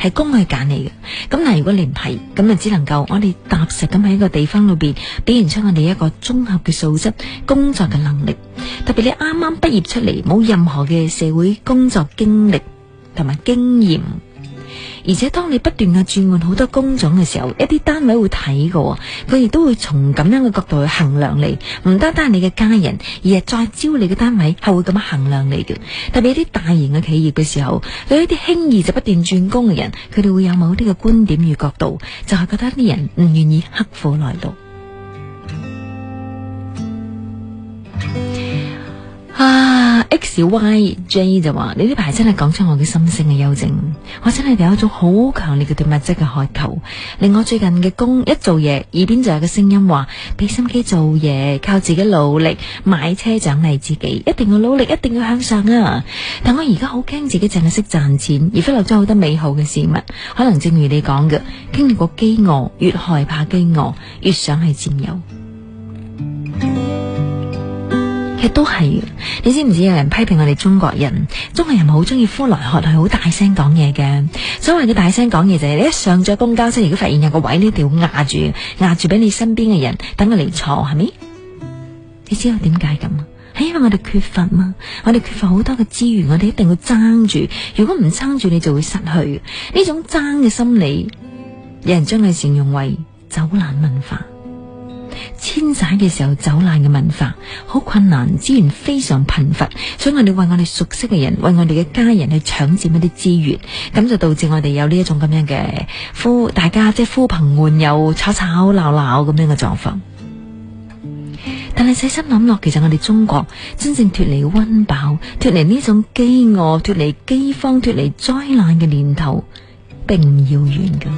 係工去揀你嘅。咁但係如果你唔係，咁就只能夠我哋踏實咁喺一個地方裏邊，表現出我哋一個綜合嘅素質、工作嘅能力。特別你啱啱畢業出嚟，冇任何嘅社會工作經歷同埋經驗。而且當你不斷嘅轉換好多工種嘅時候，一啲單位會睇過，佢亦都會從咁樣嘅角度去衡量你，唔單單係你嘅家人，而係再招你嘅單位係會咁樣衡量你嘅。特別一啲大型嘅企業嘅時候，對一啲輕易就不斷轉工嘅人，佢哋會有某啲嘅觀點與角度，就係、是、覺得啲人唔願意刻苦耐勞。啊，X Y J 就話：你呢排真係講出我嘅心聲嘅幽靜，我真係有一種好強烈嘅對物質嘅渴求。令我最近嘅工一做嘢，耳邊就有個聲音話：俾心機做嘢，靠自己努力，買車獎勵自己，一定要努力，一定要向上啊！但我而家好驚自己淨係識賺錢，而忽略咗好多美好嘅事物。可能正如你講嘅，經歷過飢餓，越害怕飢餓，越想去佔有。其實都係，啊，你知唔知有人批評我哋中國人？中國人好中意呼來喝去，好大聲講嘢嘅。所謂嘅大聲講嘢就係、是，你一上咗公交車，如果發現有個位咧，一定要壓住，壓住俾你身邊嘅人等佢嚟坐，係咪？你知道點解咁？係因為我哋缺乏嘛，我哋缺乏好多嘅資源，我哋一定要爭住。如果唔爭住，你就會失去。呢種爭嘅心理，有人將佢形容爲走難文化。遷徙嘅時候走難嘅文化，好困難，資源非常貧乏，所以我哋為我哋熟悉嘅人，為我哋嘅家人去搶佔一啲資源，咁就導致我哋有呢一種咁樣嘅呼，大家即係呼朋喚友，吵吵鬧鬧咁樣嘅狀況。但係細心諗落，其實我哋中國真正脫離溫飽，脫離呢種飢餓，脫離饑荒，脫離災難嘅年頭，並唔遙遠嘅。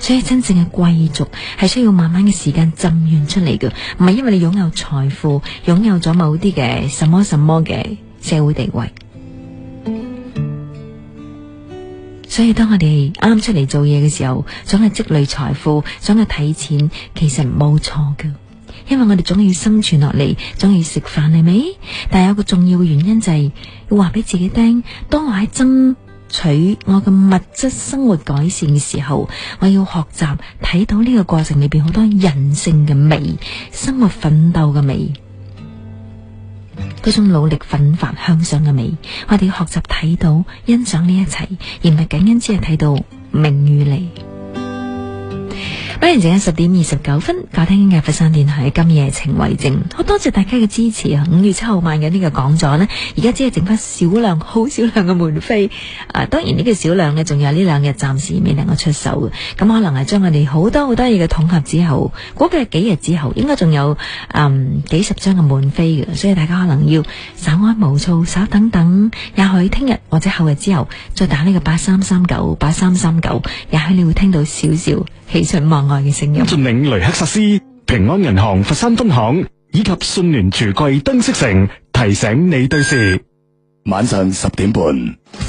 所以真正嘅貴族係需要慢慢嘅時間浸潤出嚟嘅，唔係因為你擁有財富，擁有咗某啲嘅什麼什麼嘅社會地位。所以當我哋啱出嚟做嘢嘅時候，想去積累財富，想去睇錢，其實冇錯嘅，因為我哋總要生存落嚟，總要食飯，係咪？但係有個重要嘅原因就係，要話俾自己聽，當我喺爭。取我嘅物質生活改善嘅時候，我要學習睇到呢個過程裏邊好多人性嘅美，生活奮鬥嘅美，嗰種努力奮發向上嘅美。我哋要學習睇到，欣賞呢一切，而唔係僅僅只係睇到名與利。歡迎時間，十點二十九分，教聽嘅佛山電台今夜情為證，好多謝大家嘅支持啊！五月七號晚嘅呢個講座呢而家只係剩翻少量，好少量嘅門飛啊！當然呢個少量嘅，仲有呢兩日暫時未能夠出手嘅，咁可能係將我哋好多好多嘢嘅統合之後，估計幾日之後應該仲有嗯幾十張嘅門飛嘅，所以大家可能要稍安勿躁，稍等等，也許聽日或者後日之後再打呢個八三三九八三三九，也許你會聽到少少。喜出望外嘅聲音，晉領雷克薩斯、平安銀行佛山分行以及信聯櫥櫃燈飾城提醒你對時，晚上十點半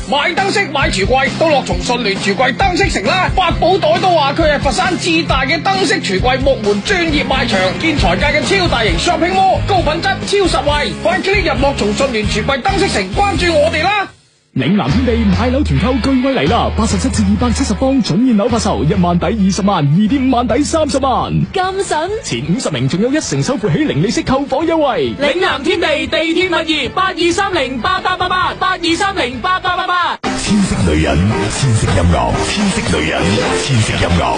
買燈飾、買櫥櫃都樂從信聯櫥櫃燈飾城啦！八寶袋都話佢係佛山最大嘅燈飾櫥櫃木門專業賣場，建材界嘅超大型 shopping mall，高品質超實惠，快啲入樂從信聯櫥櫃燈飾城，關注我哋啦！嶺南天地買樓團購钜惠嚟啦！八十七至二百七十方準現樓發售，一萬抵二十萬，二點五萬抵三十萬，咁筍！前五十名仲有一成首付起，零利息購房優惠。嶺南天地地天物業八二三零八八八八八二三零八八八八。千色女人，千色音樂，千色女人，千色音樂。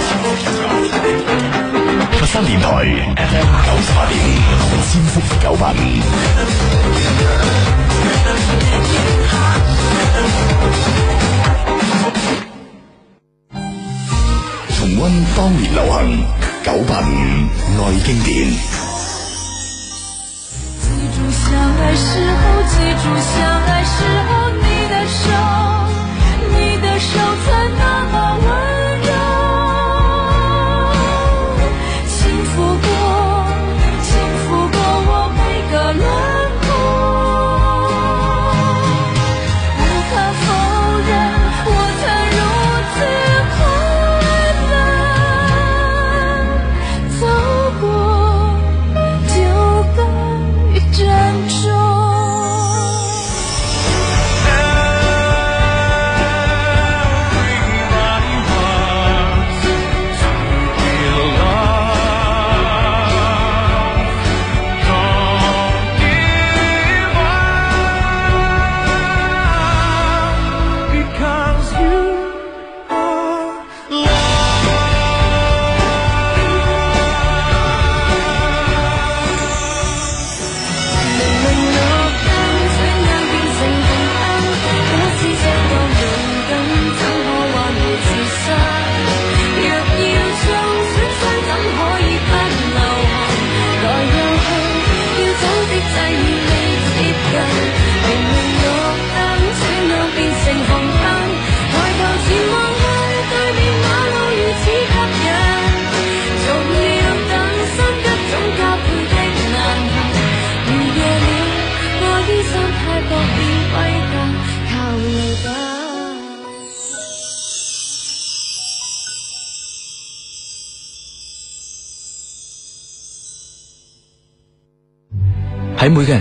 佛山電台 FM 九十八點五，千色九八五。重溫當年流行，九八五愛經典。記住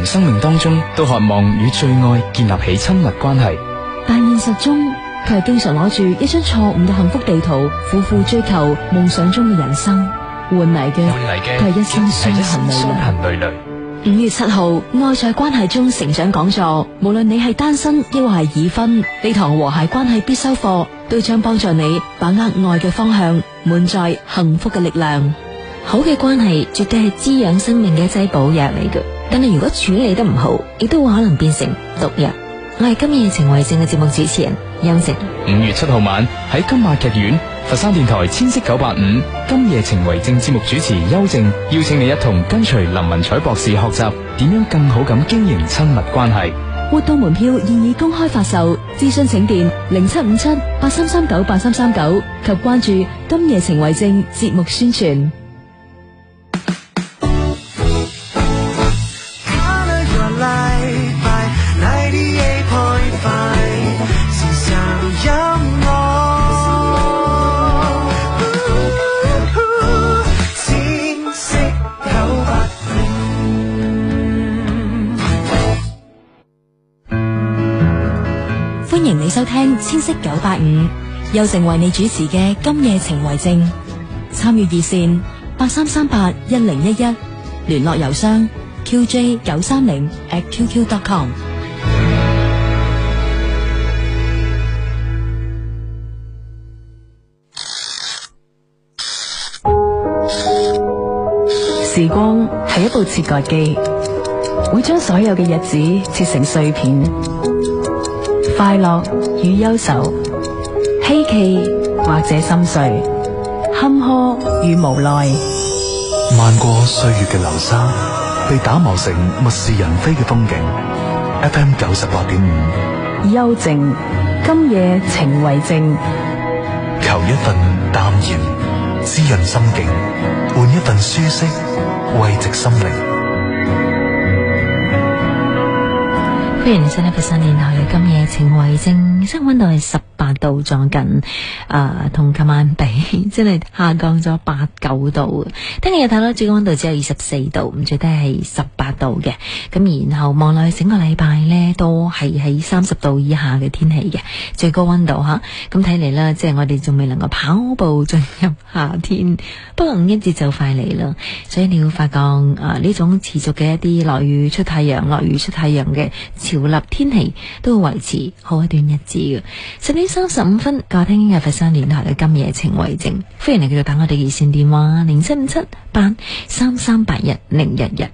生命當中都渴望與最愛建立起親密關係，但現實中佢係經常攞住一張錯誤嘅幸福地圖，苦苦追求夢想中嘅人生，換嚟嘅，佢係一生傷痕累累。五月七號，愛在關係中成長講座，無論你係單身抑或係已婚，呢堂和諧關係必修課都將幫助你把握愛嘅方向，滿載幸福嘅力量。好嘅關係絕對係滋養生命嘅一劑補藥嚟嘅，但係如果處理得唔好，亦都可能變成毒藥。我係今夜情為證嘅節目主持人邱靜。五月七號晚喺金馬劇院，佛山電台千色九八五，今夜情為證節目主持邱靜邀請你一同跟隨林文采博士學習點樣更好咁經營親密關係。活動門票現已公開發售，諮詢請電零七五七八三三九八三三九及關注今夜情為證節目宣傳。你收聽千色九八五，又成為你主持嘅今夜情為證。參與熱線八三三八一零一一，聯絡郵箱 qj 九三零 atqq.com。時光係一部切割機，會將所有嘅日子切成碎片。快樂與憂愁，希冀或者心碎，坎坷與無奈。漫過歲月嘅流沙，被打磨成物是人非嘅風景。FM 九十八點五，邱靜今夜情為證，求一份淡然滋潤心境，換一份舒適慰藉心靈。歡迎新一年嘅新年來，今夜情為證。室溫度係十八度，撞緊啊、呃！同琴晚比， <laughs> 真係下降咗八九度。聽日又睇到最高溫度只有二十四度，咁最低係十八度嘅。咁然後望落去，整個禮拜呢都係喺三十度以下嘅天氣嘅。最高溫度吓，咁睇嚟啦，即係我哋仲未能夠跑步進入夏天，不過五一節就快嚟啦，所以你要發覺啊呢、呃、種持續嘅一啲落雨出太陽、落雨出太陽嘅潮立天氣，都會維持好一段日子嘅。三十五分，各位聽緊嘅，日佛山電台嘅今夜情為證，歡迎嚟繼續打我哋熱線電話零七五七八三三八一零一一。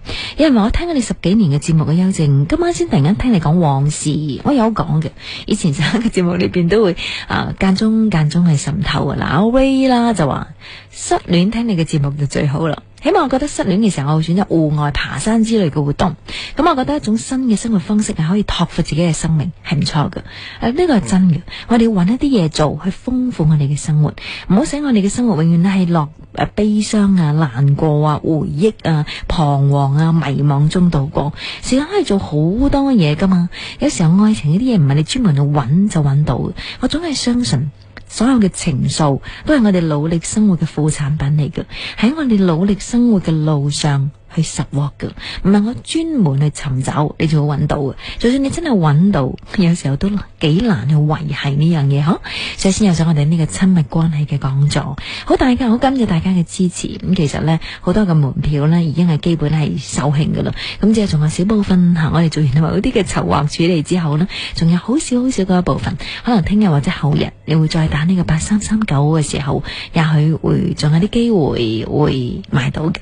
因為我聽咗你十幾年嘅節目嘅幽靜，今晚先突然間聽你講往事，哎、我有講嘅，以前成個節目裏邊都會啊間中間中係滲透啊嗱，阿、啊、威啦就話失戀聽你嘅節目就最好啦。起碼我覺得失戀嘅時候，我會選擇戶外爬山之類嘅活動。咁我覺得一種新嘅生活方式係可以托付自己嘅生命，係唔錯嘅。誒、呃，呢、這個係真嘅。我哋要揾一啲嘢做，去豐富我哋嘅生活，唔好使我哋嘅生活永遠都係落誒悲傷啊、難過啊、回憶啊、彷徨啊、迷茫、啊、中度過。時間可以做好多嘢噶嘛，有時候愛情呢啲嘢唔係你專門去揾就揾到嘅。我總係相信。所有嘅情愫都係我哋努力生活嘅副產品嚟嘅，喺我哋努力生活嘅路上，去拾獲噶，唔係我專門去尋找，你就會揾到嘅。就算你真係揾到，有時候都幾難去維繫呢樣嘢，嗬。所以先有咗我哋呢個親密關係嘅講座，好大家，好感謝大家嘅支持。咁其實呢，好多嘅門票呢已經係基本係售罄噶啦。咁即係仲有少部分吓、啊，我哋做完咗啲嘅籌劃處理之後呢，仲有好少好少嘅一部分，可能聽日或者後日，你會再打呢個八三三九嘅時候，也許會仲有啲機會會買到嘅。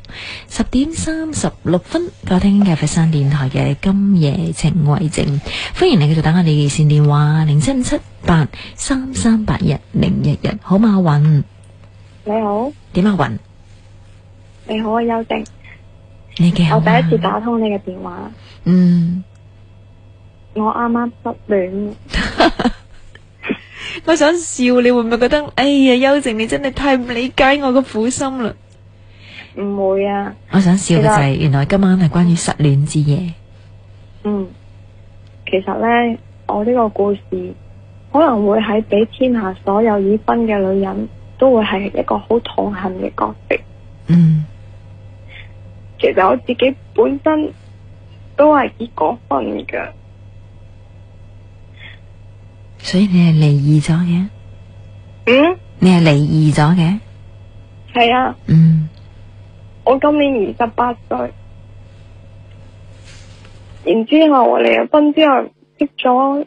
十點三。三十六分，我聽嘅佛山電台嘅今夜情為證，歡迎你繼續打我哋熱線電話零七五七八三三八一零一一，好嘛？雲，你好，點啊？雲，你好啊，邱靜，你嘅我第一次打通你嘅電話，嗯，我啱啱失戀， <laughs> 我想笑，你會唔會覺得，哎呀，邱靜，你真係太唔理解我嘅苦心啦。唔會啊！我想笑嘅就係，其實，原來今晚係關於失戀之夜。嗯，其實咧，我呢個故事可能會喺俾天下所有已婚嘅女人都會係一個好痛恨嘅角色。嗯，其實我自己本身都係結過婚嘅，所以你係離異咗嘅。嗯，你係離異咗嘅。係啊。嗯。我今年二十八歲，然之後我離婚之後，識咗啱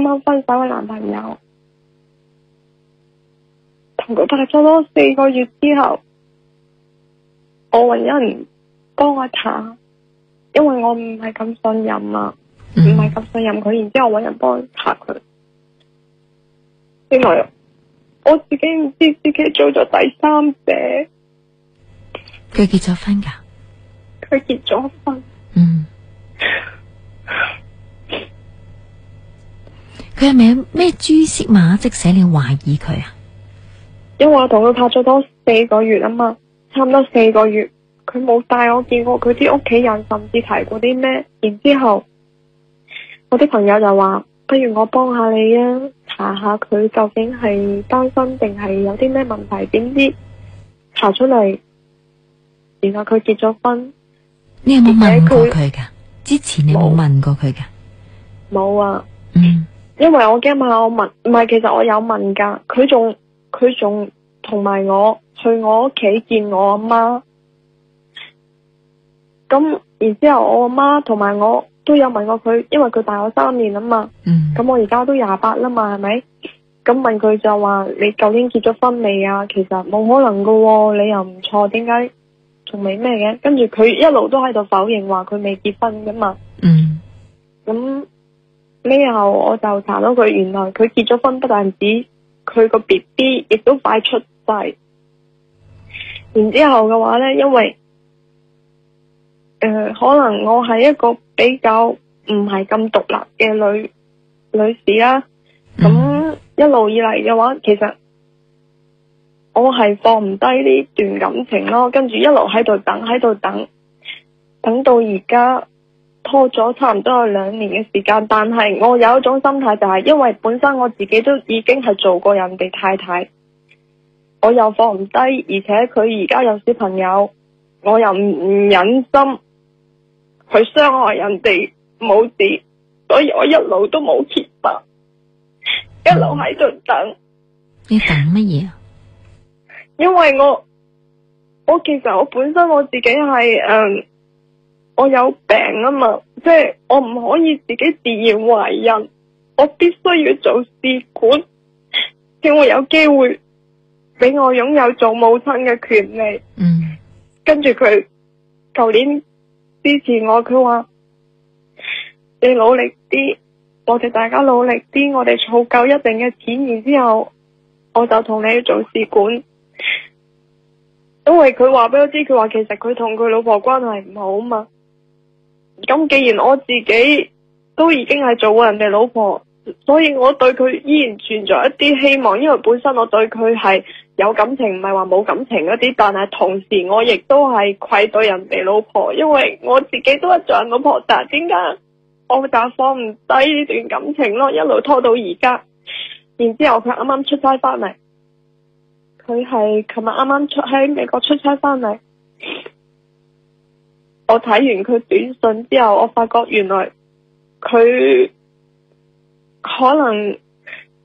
啱分手嘅男朋友，同佢拍咗多四個月之後，我揾人幫我查，因為我唔係咁信任啊，唔係咁信任佢，然之後揾人幫我查佢，因為我自己唔知自己做咗第三者。佢結咗婚噶，佢結咗婚。嗯，佢係咪咩蛛絲馬跡寫你懷疑佢啊？因為我同佢拍咗多四個月啊嘛，差唔多四個月，佢冇帶我見過佢啲屋企人，甚至提過啲咩。然之後我啲朋友就話：不如我幫下你啊，查下佢究竟係單身定係有啲咩問題？點知查出嚟？然後佢結咗婚，你有冇問過佢噶之前你冇問過佢噶冇啊有，嗯，因為我驚問下我問唔係，其實我有問噶佢仲佢仲同埋我去我屋企見我阿媽，咁然之後我阿媽同埋我都有問過佢，因為佢大我三年啊嘛，嗯，咁我而家都廿八啦嘛，係咪？咁問佢就話你究竟結咗婚未啊？其實冇可能噶喎，你又唔錯，點解？仲未咩嘅，跟住佢一路都喺度否認，話佢未結婚噶嘛。嗯。咁，呢後我就查到佢原來佢結咗婚，不但止佢個 BB 亦都快出世。然之後嘅話咧，因為誒、呃、可能我係一個比較唔係咁獨立嘅女女士啦、啊。嗯。咁一路以嚟嘅話其實。我係放唔低呢段感情咯，跟住一路喺度等，喺度等，等到而家拖咗差唔多有兩年嘅時間。但係我有一種心態，就係，就係因為本身我自己都已經係做過人哋太太，我又放唔低，而且佢而家有小朋友，我又唔忍心去傷害人哋，冇事，所以我一路都冇揭白，嗯、一路喺度等。你等乜嘢啊？ <laughs> 因為我我其實我本身我自己係誒、呃，我有病啊嘛，即係我唔可以自己自然懷孕，我必須要做試管先會有機會俾我擁有做母親嘅權利。嗯，跟住佢舊年支持我，佢話你努力啲，我哋大家努力啲，我哋儲夠一定嘅錢，然之後我就同你去做試管。因為佢話俾我知，佢話其實佢同佢老婆關係唔好嘛。咁既然我自己都已經係做過人哋老婆，所以我對佢依然存在一啲希望，因為本身我對佢係有感情，唔係話冇感情啲。但係同時我亦都係愧對人哋老婆，因為我自己都係做人老婆，但係點解我就放唔低呢段感情咯。一路拖到而家，然之後佢啱啱出差翻嚟。佢係琴日啱啱出喺美國出差翻嚟，我睇完佢短信之後，我發覺原來佢可能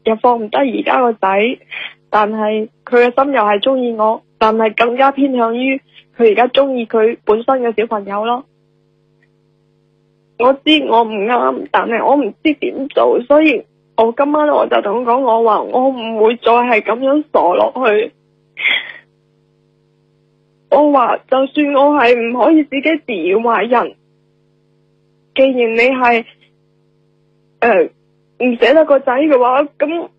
又放唔低而家個仔，但係佢嘅心又係中意我，但係更加偏向於佢而家中意佢本身嘅小朋友咯。我知我唔啱，但係我唔知點做，所以。我今晚我就同佢講，我話我唔會再係咁樣傻落去。 <laughs> 我話就算我係唔可以自己自然懷孕，既然你係誒唔捨得個仔嘅話，咁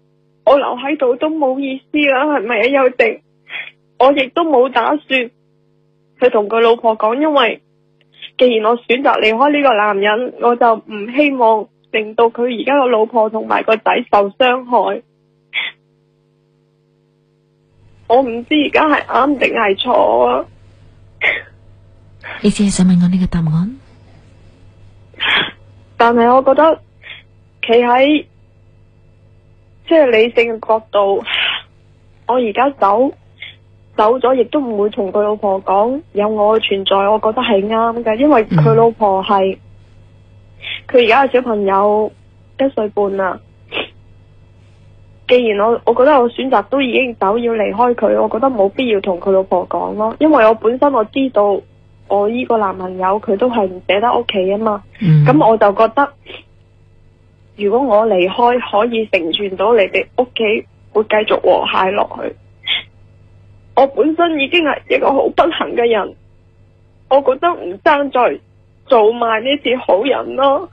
我留喺度都冇意思啦，係咪啊？有定，我亦都冇打算去同佢老婆講，因為既然我選擇離開呢個男人，我就唔希望。令到佢而家個老婆同埋個仔受傷害， <laughs> 我唔知而家係啱定係錯啊！ <laughs> 你只係想問我呢個答案？ <laughs> 但係我覺得企喺即係理性嘅角度，我而家走走咗，亦都唔會同佢老婆講有我嘅存在。我覺得係啱㗎，因為佢老婆係。嗯佢而家嘅小朋友一歲半啦。既然我我覺得我選擇都已經走要離開佢，我覺得冇必要同佢老婆講咯。因為我本身我知道我依個男朋友佢都係唔捨得屋企啊嘛。咁、嗯、我就覺得如果我離開可以成全到你哋屋企會繼續和諧落去，我本身已經係一個好不幸嘅人，我覺得唔爭在做埋呢次好人咯。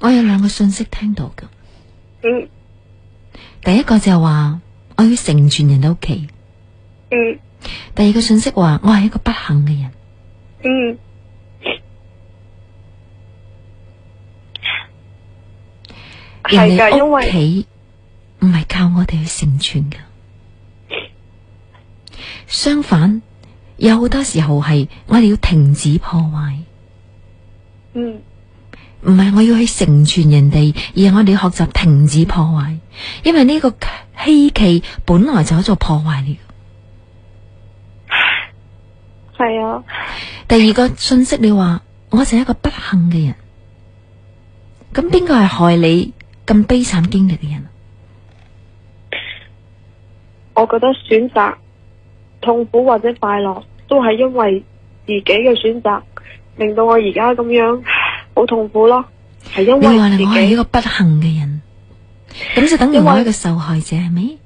我有兩個信息聽到噶。嗯，第一個就係話我要成全人哋屋企。嗯，第二個信息話我係一個不幸嘅人。嗯，人哋屋企唔係靠我哋去成全噶。嗯，相反有好多時候係我哋要停止破壞，嗯。唔係我要去成全人哋，而係我哋學習停止破壞。因為呢個稀奇本來就喺度破壞你。係啊。第二個信息你話我就係一個不幸嘅人，咁邊個係害你咁悲慘經歷嘅人？我覺得選擇痛苦或者快樂，都係因為自己嘅選擇，令到我而家咁樣。好痛苦咯，因為你因嚟我係一個不幸嘅人，咁為就等於我一個受害者係咪？是是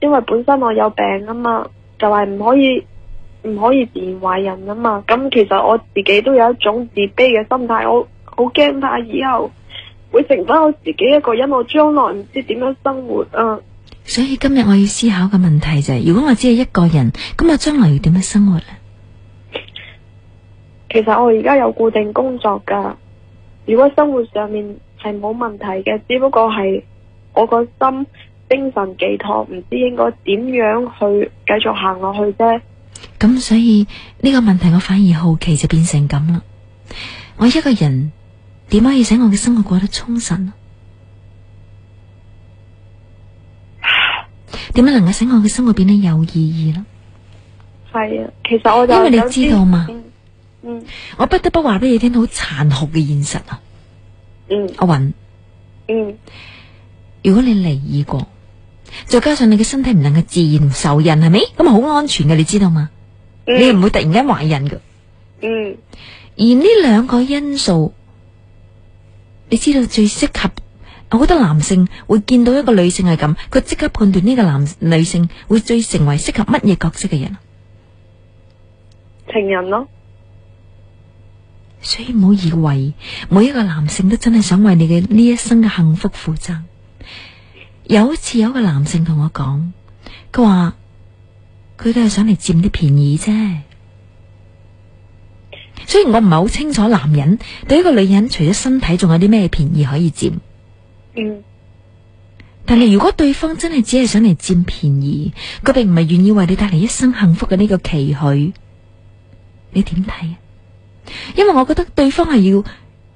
因為本身我有病啊嘛，就係唔可以唔可以自言壞人啊嘛，咁其實我自己都有一種自卑嘅心態，我好驚怕以後會成翻我自己一個人，因為我將來唔知點樣生活啊。所以今日我要思考嘅問題就係、是，如果我只係一個人，咁我將來要點樣生活呢、啊？其實我而家有固定工作噶，如果生活上面係冇問題嘅，只不過係我個心精神寄託唔知應該點樣去繼續行落去啫。咁所以呢個問題我反而好奇就變成咁啦。我一個人點可以使我嘅生活過得充實呢？點 <laughs> 樣能夠使我嘅生活變得有意義呢？係啊，其實我就因為你知道嘛。嗯，我不得不話俾你聽，好殘酷嘅現實啊！嗯，阿云找，嗯，如果你離異過，再加上你嘅身體唔能夠自然受孕，係咪？咁好安全嘅，你知道嘛？嗯、你唔會突然間懷孕噶。嗯，而呢兩個因素，你知道最適合？我覺得男性會見到一個女性係咁，佢即刻判斷呢個男女性會最成為適合乜嘢角色嘅人？情人咯，哦。所以唔好以為每一個男性都真係想為你嘅呢一生嘅幸福負責。有一次有一個男性同我講，佢話佢都係想嚟占啲便宜啫。雖然我唔係好清楚男人對一個女人除咗身體仲有啲咩便宜可以占，嗯，但係如果對方真係只係想嚟占便宜，佢並唔係願意為你帶嚟一生幸福嘅呢個期許，你點睇啊？因為我覺得對方係要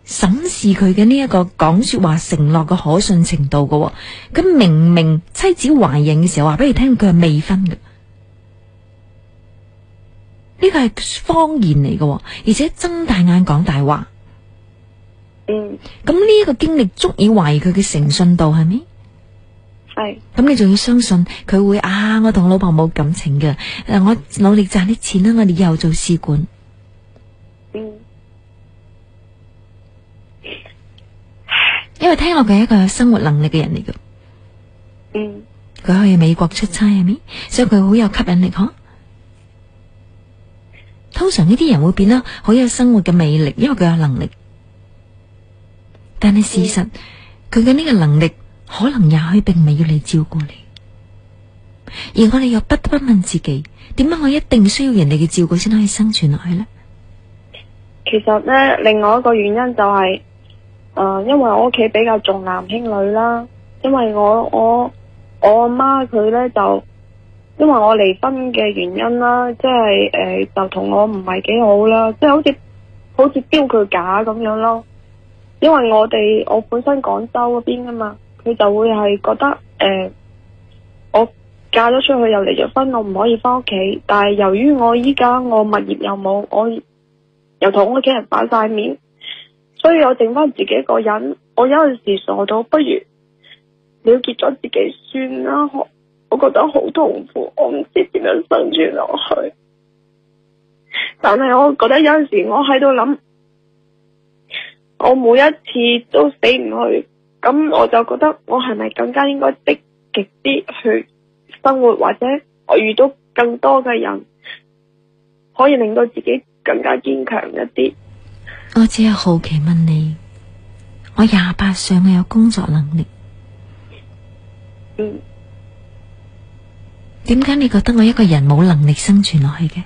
審視佢嘅呢一個講說話承諾嘅可信程度嘅。哦，咁明明妻子懷孕嘅時候話俾你聽佢係未婚嘅，呢、呢個係謊言嚟嘅。而且睜大眼講大話。嗯，咁呢一個經歷足以懷疑佢嘅誠信度係咪？係是。咁你仲要相信佢會啊？我同老婆冇感情嘅，誒，我努力賺啲錢啦，我哋又做試管。因為聽落佢係一個有生活能力嘅人嚟嘅，嗯，佢去美國出差係咪？嗯、所以佢好有吸引力，嗬、嗯。通常呢啲人會變得好有生活嘅魅力，因為佢有能力。但係事實，佢嘅呢個能力可能也許並唔係要你照顧你，而我哋又不得不問自己，點解我一定需要人哋嘅照顧先可以生存落去呢？」其實咧，另外一個原因就係、是，誒、呃，因為我屋企比較重男輕女啦，因為我我我阿媽佢咧就，因為我離婚嘅原因啦，即係誒、呃、就同我唔係幾好啦，即係好似好似丟佢架咁樣咯，因為我哋我本身廣州嗰邊噶嘛，佢就會係覺得誒、呃，我嫁咗出去又離咗婚，我唔可以翻屋企，但係由於我依家我物業又冇我。又同屋企人反晒面，所以我剩翻自己一個人。我有陣時傻到不如了結咗自己算啦，我我覺得好痛苦，我唔知點樣生存落去。但係我覺得有陣時我喺度諗，我每一次都死唔去，咁我就覺得我係咪更加應該積極啲去生活，或者我遇到更多嘅人，可以令到自己。更加堅強一啲。我只係好奇問你，我廿八歲，我有工作能力。嗯。點解你覺得我一個人冇能力生存落去嘅？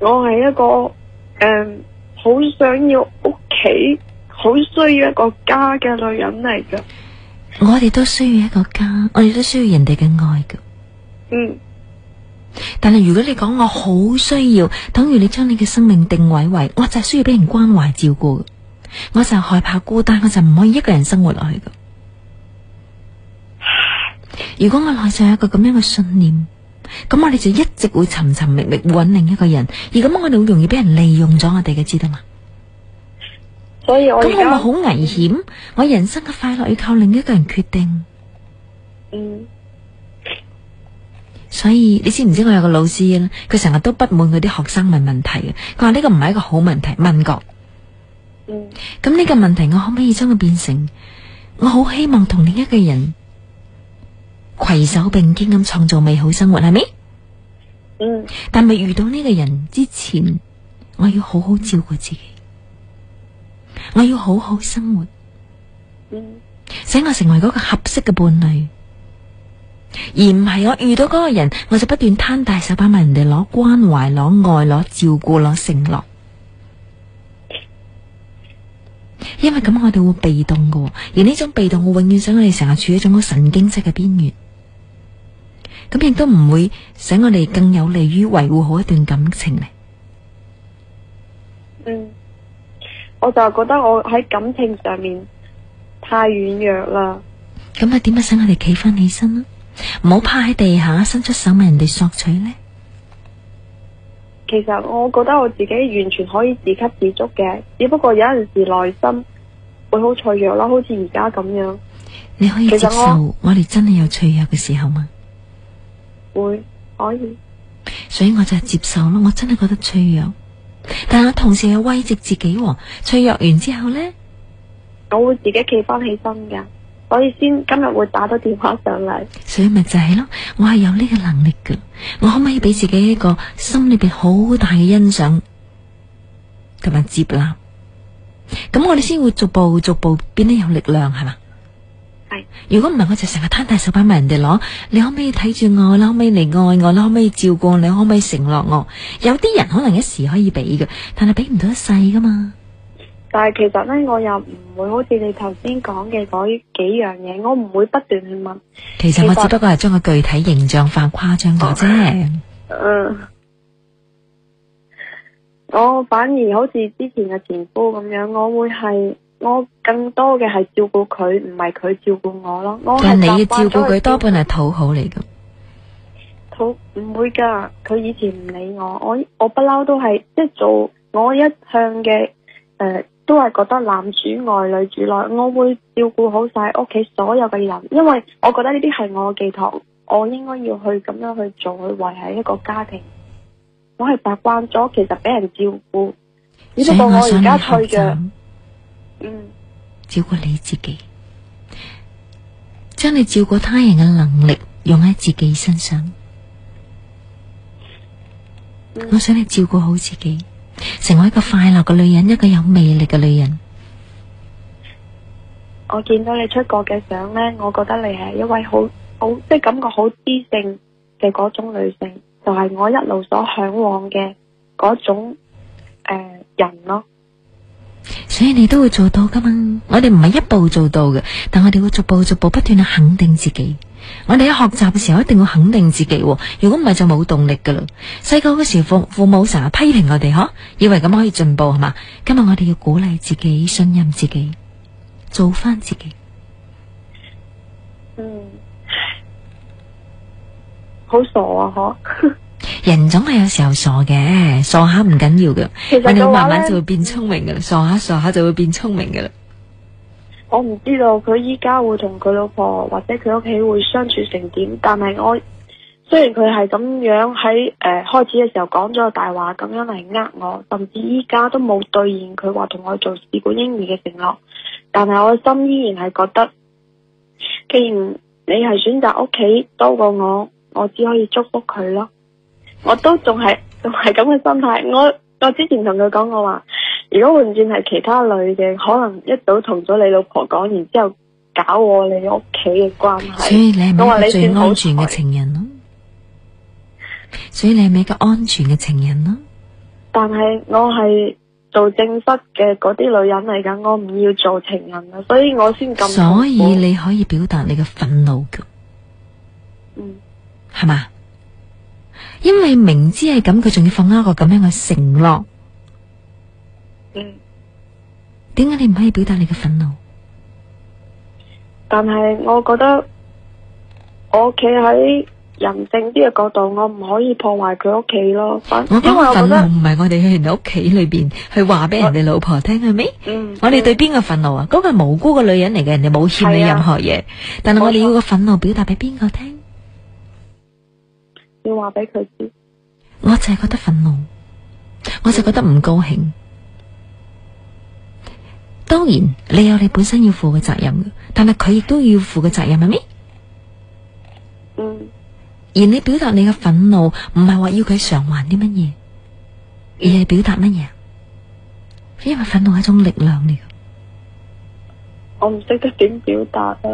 我係一個誒，好、嗯、想要屋企，好需要一個家嘅女人嚟噶。我哋都需要一個家，我哋都需要人哋嘅愛噶。嗯。但係如果你講我好需要，等於你將你嘅生命定位為我就係需要俾人關懷照顧，我就，我就害怕孤單，我就唔可以一個人生活落去。如果我內在有一個咁樣嘅信念，咁我哋就一直會尋尋覓覓揾另一個人。而咁我哋好容易俾人利用咗我哋嘅，知道嗎？所以我咁我咪好危險？嗯、我人生嘅快樂要靠另一個人決定。嗯。所以你知唔知我有個老師啊，佢成日都不滿佢啲學生問問題嘅。佢話呢個唔係一個好問題，問過。嗯。咁呢個問題我可唔可以將佢變成，我好希望同另一個人携手並肩咁創造美好生活，係咪？嗯。但未遇到呢個人之前，我要好好照顧自己，我要好好生活，嗯、使我成為嗰個合適嘅伴侶。而唔係我遇到嗰個人，我就不斷攤大手巴埋人哋攞關懷、攞愛、攞照顧、攞承諾。因為咁，我哋會被動嘅，而呢種被動，會永遠使我哋成日處喺一種好神經質嘅邊緣。咁亦都唔會使我哋更有利於維護好一段感情嚟。嗯，我就係覺得我喺感情上面太軟弱啦。咁啊，點樣使我哋企翻起身啊？唔好趴喺地下，伸出手問人哋索取呢。其實我覺得我自己完全可以自給自足嘅，只不過有陣時內心會好脆弱咯，好似而家咁樣。你可以接受我哋真係有脆弱嘅時候嗎？會可以。所以我就係接受咯，我真係覺得脆弱，但係我同時又慰藉自己，脆弱完之後呢，我會自己企翻起身噶。所以先今日會打到電話上嚟，所以咪就係咯，我係有呢個能力噶，我可唔可以俾自己一個心裏邊好大嘅欣賞同埋接納？咁我哋先會逐步逐步變得有力量，係嘛？係是。如果唔係我就成日攤大手板問人哋攞，你可唔可以睇住我？可唔可以嚟愛我？可唔可以照顧我你？可唔可以承諾我？有啲人可能一時可以俾嘅，但係俾唔到一世噶嘛。但係其實咧，我又唔會好似你頭先講嘅嗰幾樣嘢，我唔會不斷去問。其實我只不過係將個具體形象化誇張咗啫。嗯、啊呃，我反而好似之前嘅前夫咁樣，我會係我更多嘅係照顧佢，唔係佢照顧我咯。我但你嘅照顧佢多半係討好嚟嘅。討唔會噶，佢以前唔理我，我我不嬲都係一做我一向嘅誒。呃都係覺得男主外女主內，我會照顧好晒屋企所有嘅人，因為我覺得呢啲係我嘅寄託，我應該要去咁樣去做，去維繫一個家庭。我係習慣咗，其實俾人照顧，只不過我而家退咗。嗯。照顧你自己，將你照顧他人嘅能力用喺自己身上。嗯。我想你照顧好自己。成為一個快樂嘅女人，一個有魅力嘅女人。我見到你出過嘅相呢，我覺得你係一位好好即係感覺好知性嘅嗰種女性，就係、是、我一路所向往嘅嗰種誒、呃、人咯。所以你都會做到㗎嘛。我哋唔係一步做到嘅，但我哋會逐步逐步不斷去肯定自己。我哋喺學習嘅時候一定要肯定自己，啊，如果唔係就冇動力噶啦。細個嗰時父父母成日批評我哋，嗬，以為咁可以進步係嘛？今日我哋要鼓勵自己，信任自己，做翻自己。嗯，好傻啊！嗬，人總係有時候傻嘅，傻下唔緊要噶，我哋慢慢就會變聰明噶啦，傻下傻下就會變聰明噶啦。我唔知道佢依家會同佢老婆或者佢屋企會相處成點？但係我雖然佢係咁樣喺，誒、呃、開始嘅時候講咗個大話咁樣嚟呃我，甚至依家都冇兌現佢話同我做試管嬰兒嘅承諾，但係我心依然係覺得，既然你係選擇屋企多過我，我只可以祝福佢咯。我都仲係仲係咁嘅心態。我我之前同佢講我話。如果換轉係其他女嘅，可能一早同咗你老婆講，然之後搞我你屋企嘅關係。所以你係咪一個最安全嘅情人囉？ <laughs> 所以你係咪一個安全嘅情人囉？但係我係做正室嘅嗰啲女人嚟㗎，我唔要做情人啊，所以我先咁。所以你可以表達你嘅憤怒嘅，嗯，係嘛？因為明知係咁，佢仲要放一個咁樣嘅承諾。點解你唔可以表達你嘅憤怒？但係我覺得我企喺人性啲嘅角度，我唔可以破壞佢屋企咯。因為我嘅憤怒唔係我哋去人哋屋企裏邊去話俾人哋老婆聽係咪？吧嗯、我哋對邊個憤怒啊？嗰、嗰個無辜嘅女人嚟嘅，人哋冇欠你任何嘢，啊、但係我哋要個憤怒表達俾邊個聽？要話俾佢知。我就係覺得憤怒，嗯、我就覺得唔高興。嗯當然，你有你本身要負嘅責任，但係佢亦都要負嘅責任，係咪？嗯。而你表達你嘅憤怒，唔係話要佢償還啲乜嘢，而係表達乜嘢？嗯、因為憤怒係一種力量嚟嘅。我唔識得點表達啊！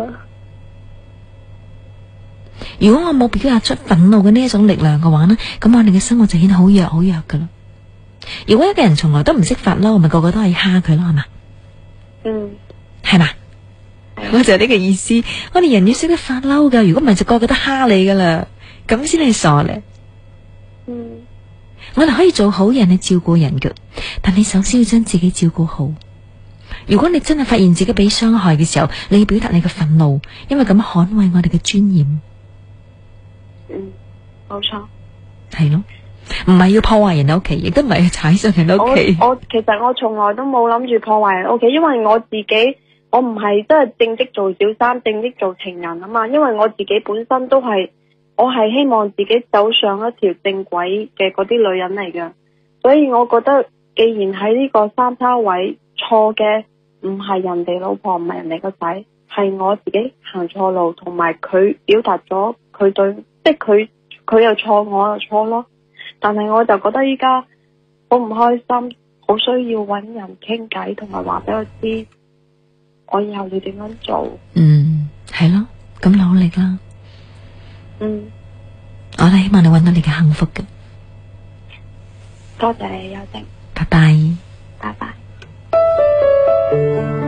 如果我冇表達出憤怒嘅呢一種力量嘅話呢，咁我哋嘅生活就顯得好弱好弱噶啦。如果一個人從來都唔識發嬲，咪個個都係蝦佢咯，係嘛？嗯，係嘛？我就係呢個意思。我哋人要識得發嬲噶，如果唔係就個個都蝦你噶啦，咁先係傻咧。嗯，我哋可以做好人去照顧人噶，但你首先要將自己照顧好。如果你真係發現自己俾傷害嘅時候，你要表達你嘅憤怒，因為咁捍衛我哋嘅尊嚴。嗯，冇錯，係咯。唔係要破壞人屋企，亦都唔係要踩上人屋企。我我其實我從來都冇諗住破壞人屋企，因為我自己我唔係都係正職做小三，正職做情人啊嘛。因為我自己本身都係我係希望自己走上一條正軌嘅嗰啲女人嚟嘅，所以我覺得既然喺呢個三叉位錯嘅唔係人哋老婆，唔係人哋個仔，係我自己行錯路，同埋佢表達咗佢對，即係佢佢又錯，我又錯咯。但係我就覺得依家好唔開心，好需要揾人傾偈，同埋話俾我知我以後要點樣做。嗯，係咯，咁努力啦。嗯，我咧希望你揾到你嘅幸福嘅。多謝，謝你，邱靜。拜拜。拜拜。拜拜。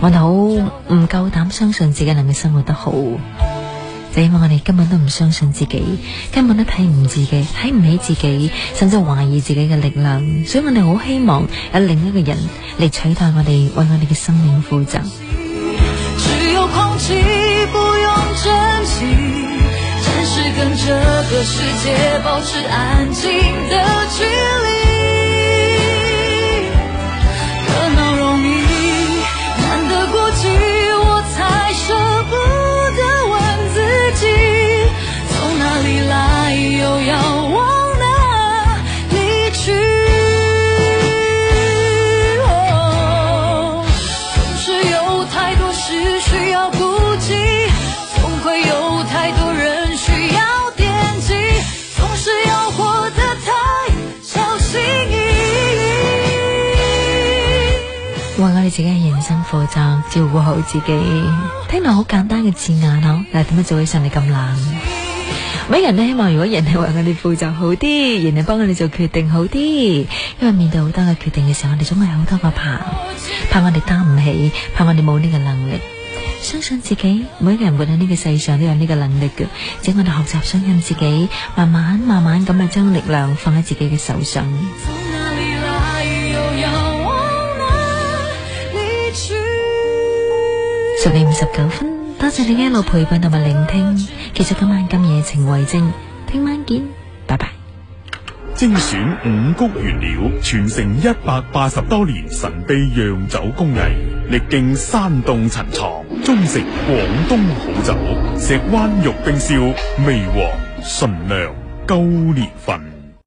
我哋好唔夠膽相信自己能夠生活得好，就因為我哋根本都唔相信自己，根本都睇唔住自己，睇唔起自己，甚至懷疑自己嘅力量。所以我哋好希望有另一個人嚟取代我哋，為我哋嘅生命負責。只有空氣不用真又要往哪裡去哦？哦，總是有太多事需要顧忌，總會有太多人需要惦記，總是要活得太小心翼翼。為我哋自己嘅人生負責，照顧好自己，聽落好簡單嘅字眼嗬，但係點解做起上嚟咁難？每人咧希望，如果人哋為我哋負責好啲，人哋幫我哋做決定好啲。因為面對好多嘅決定嘅時候，我哋總係好多個怕，怕我哋擔唔起，怕我哋冇呢個能力。相信自己，每一個人活喺呢個世上都有呢個能力嘅。只要我哋學習相信自己，慢慢慢慢咁啊將力量放喺自己嘅手上。從哪裡來，又要往哪裡去？十二點五十九分。多謝你一路陪伴同埋聆聽，其實今晚今夜情為證，聽晚見，拜拜。精選五谷原料，傳承一百八十多年神秘釀酒工藝，歷經山洞陳藏，忠食廣東好酒。石灣玉冰燒，味和，醇釀，高年份。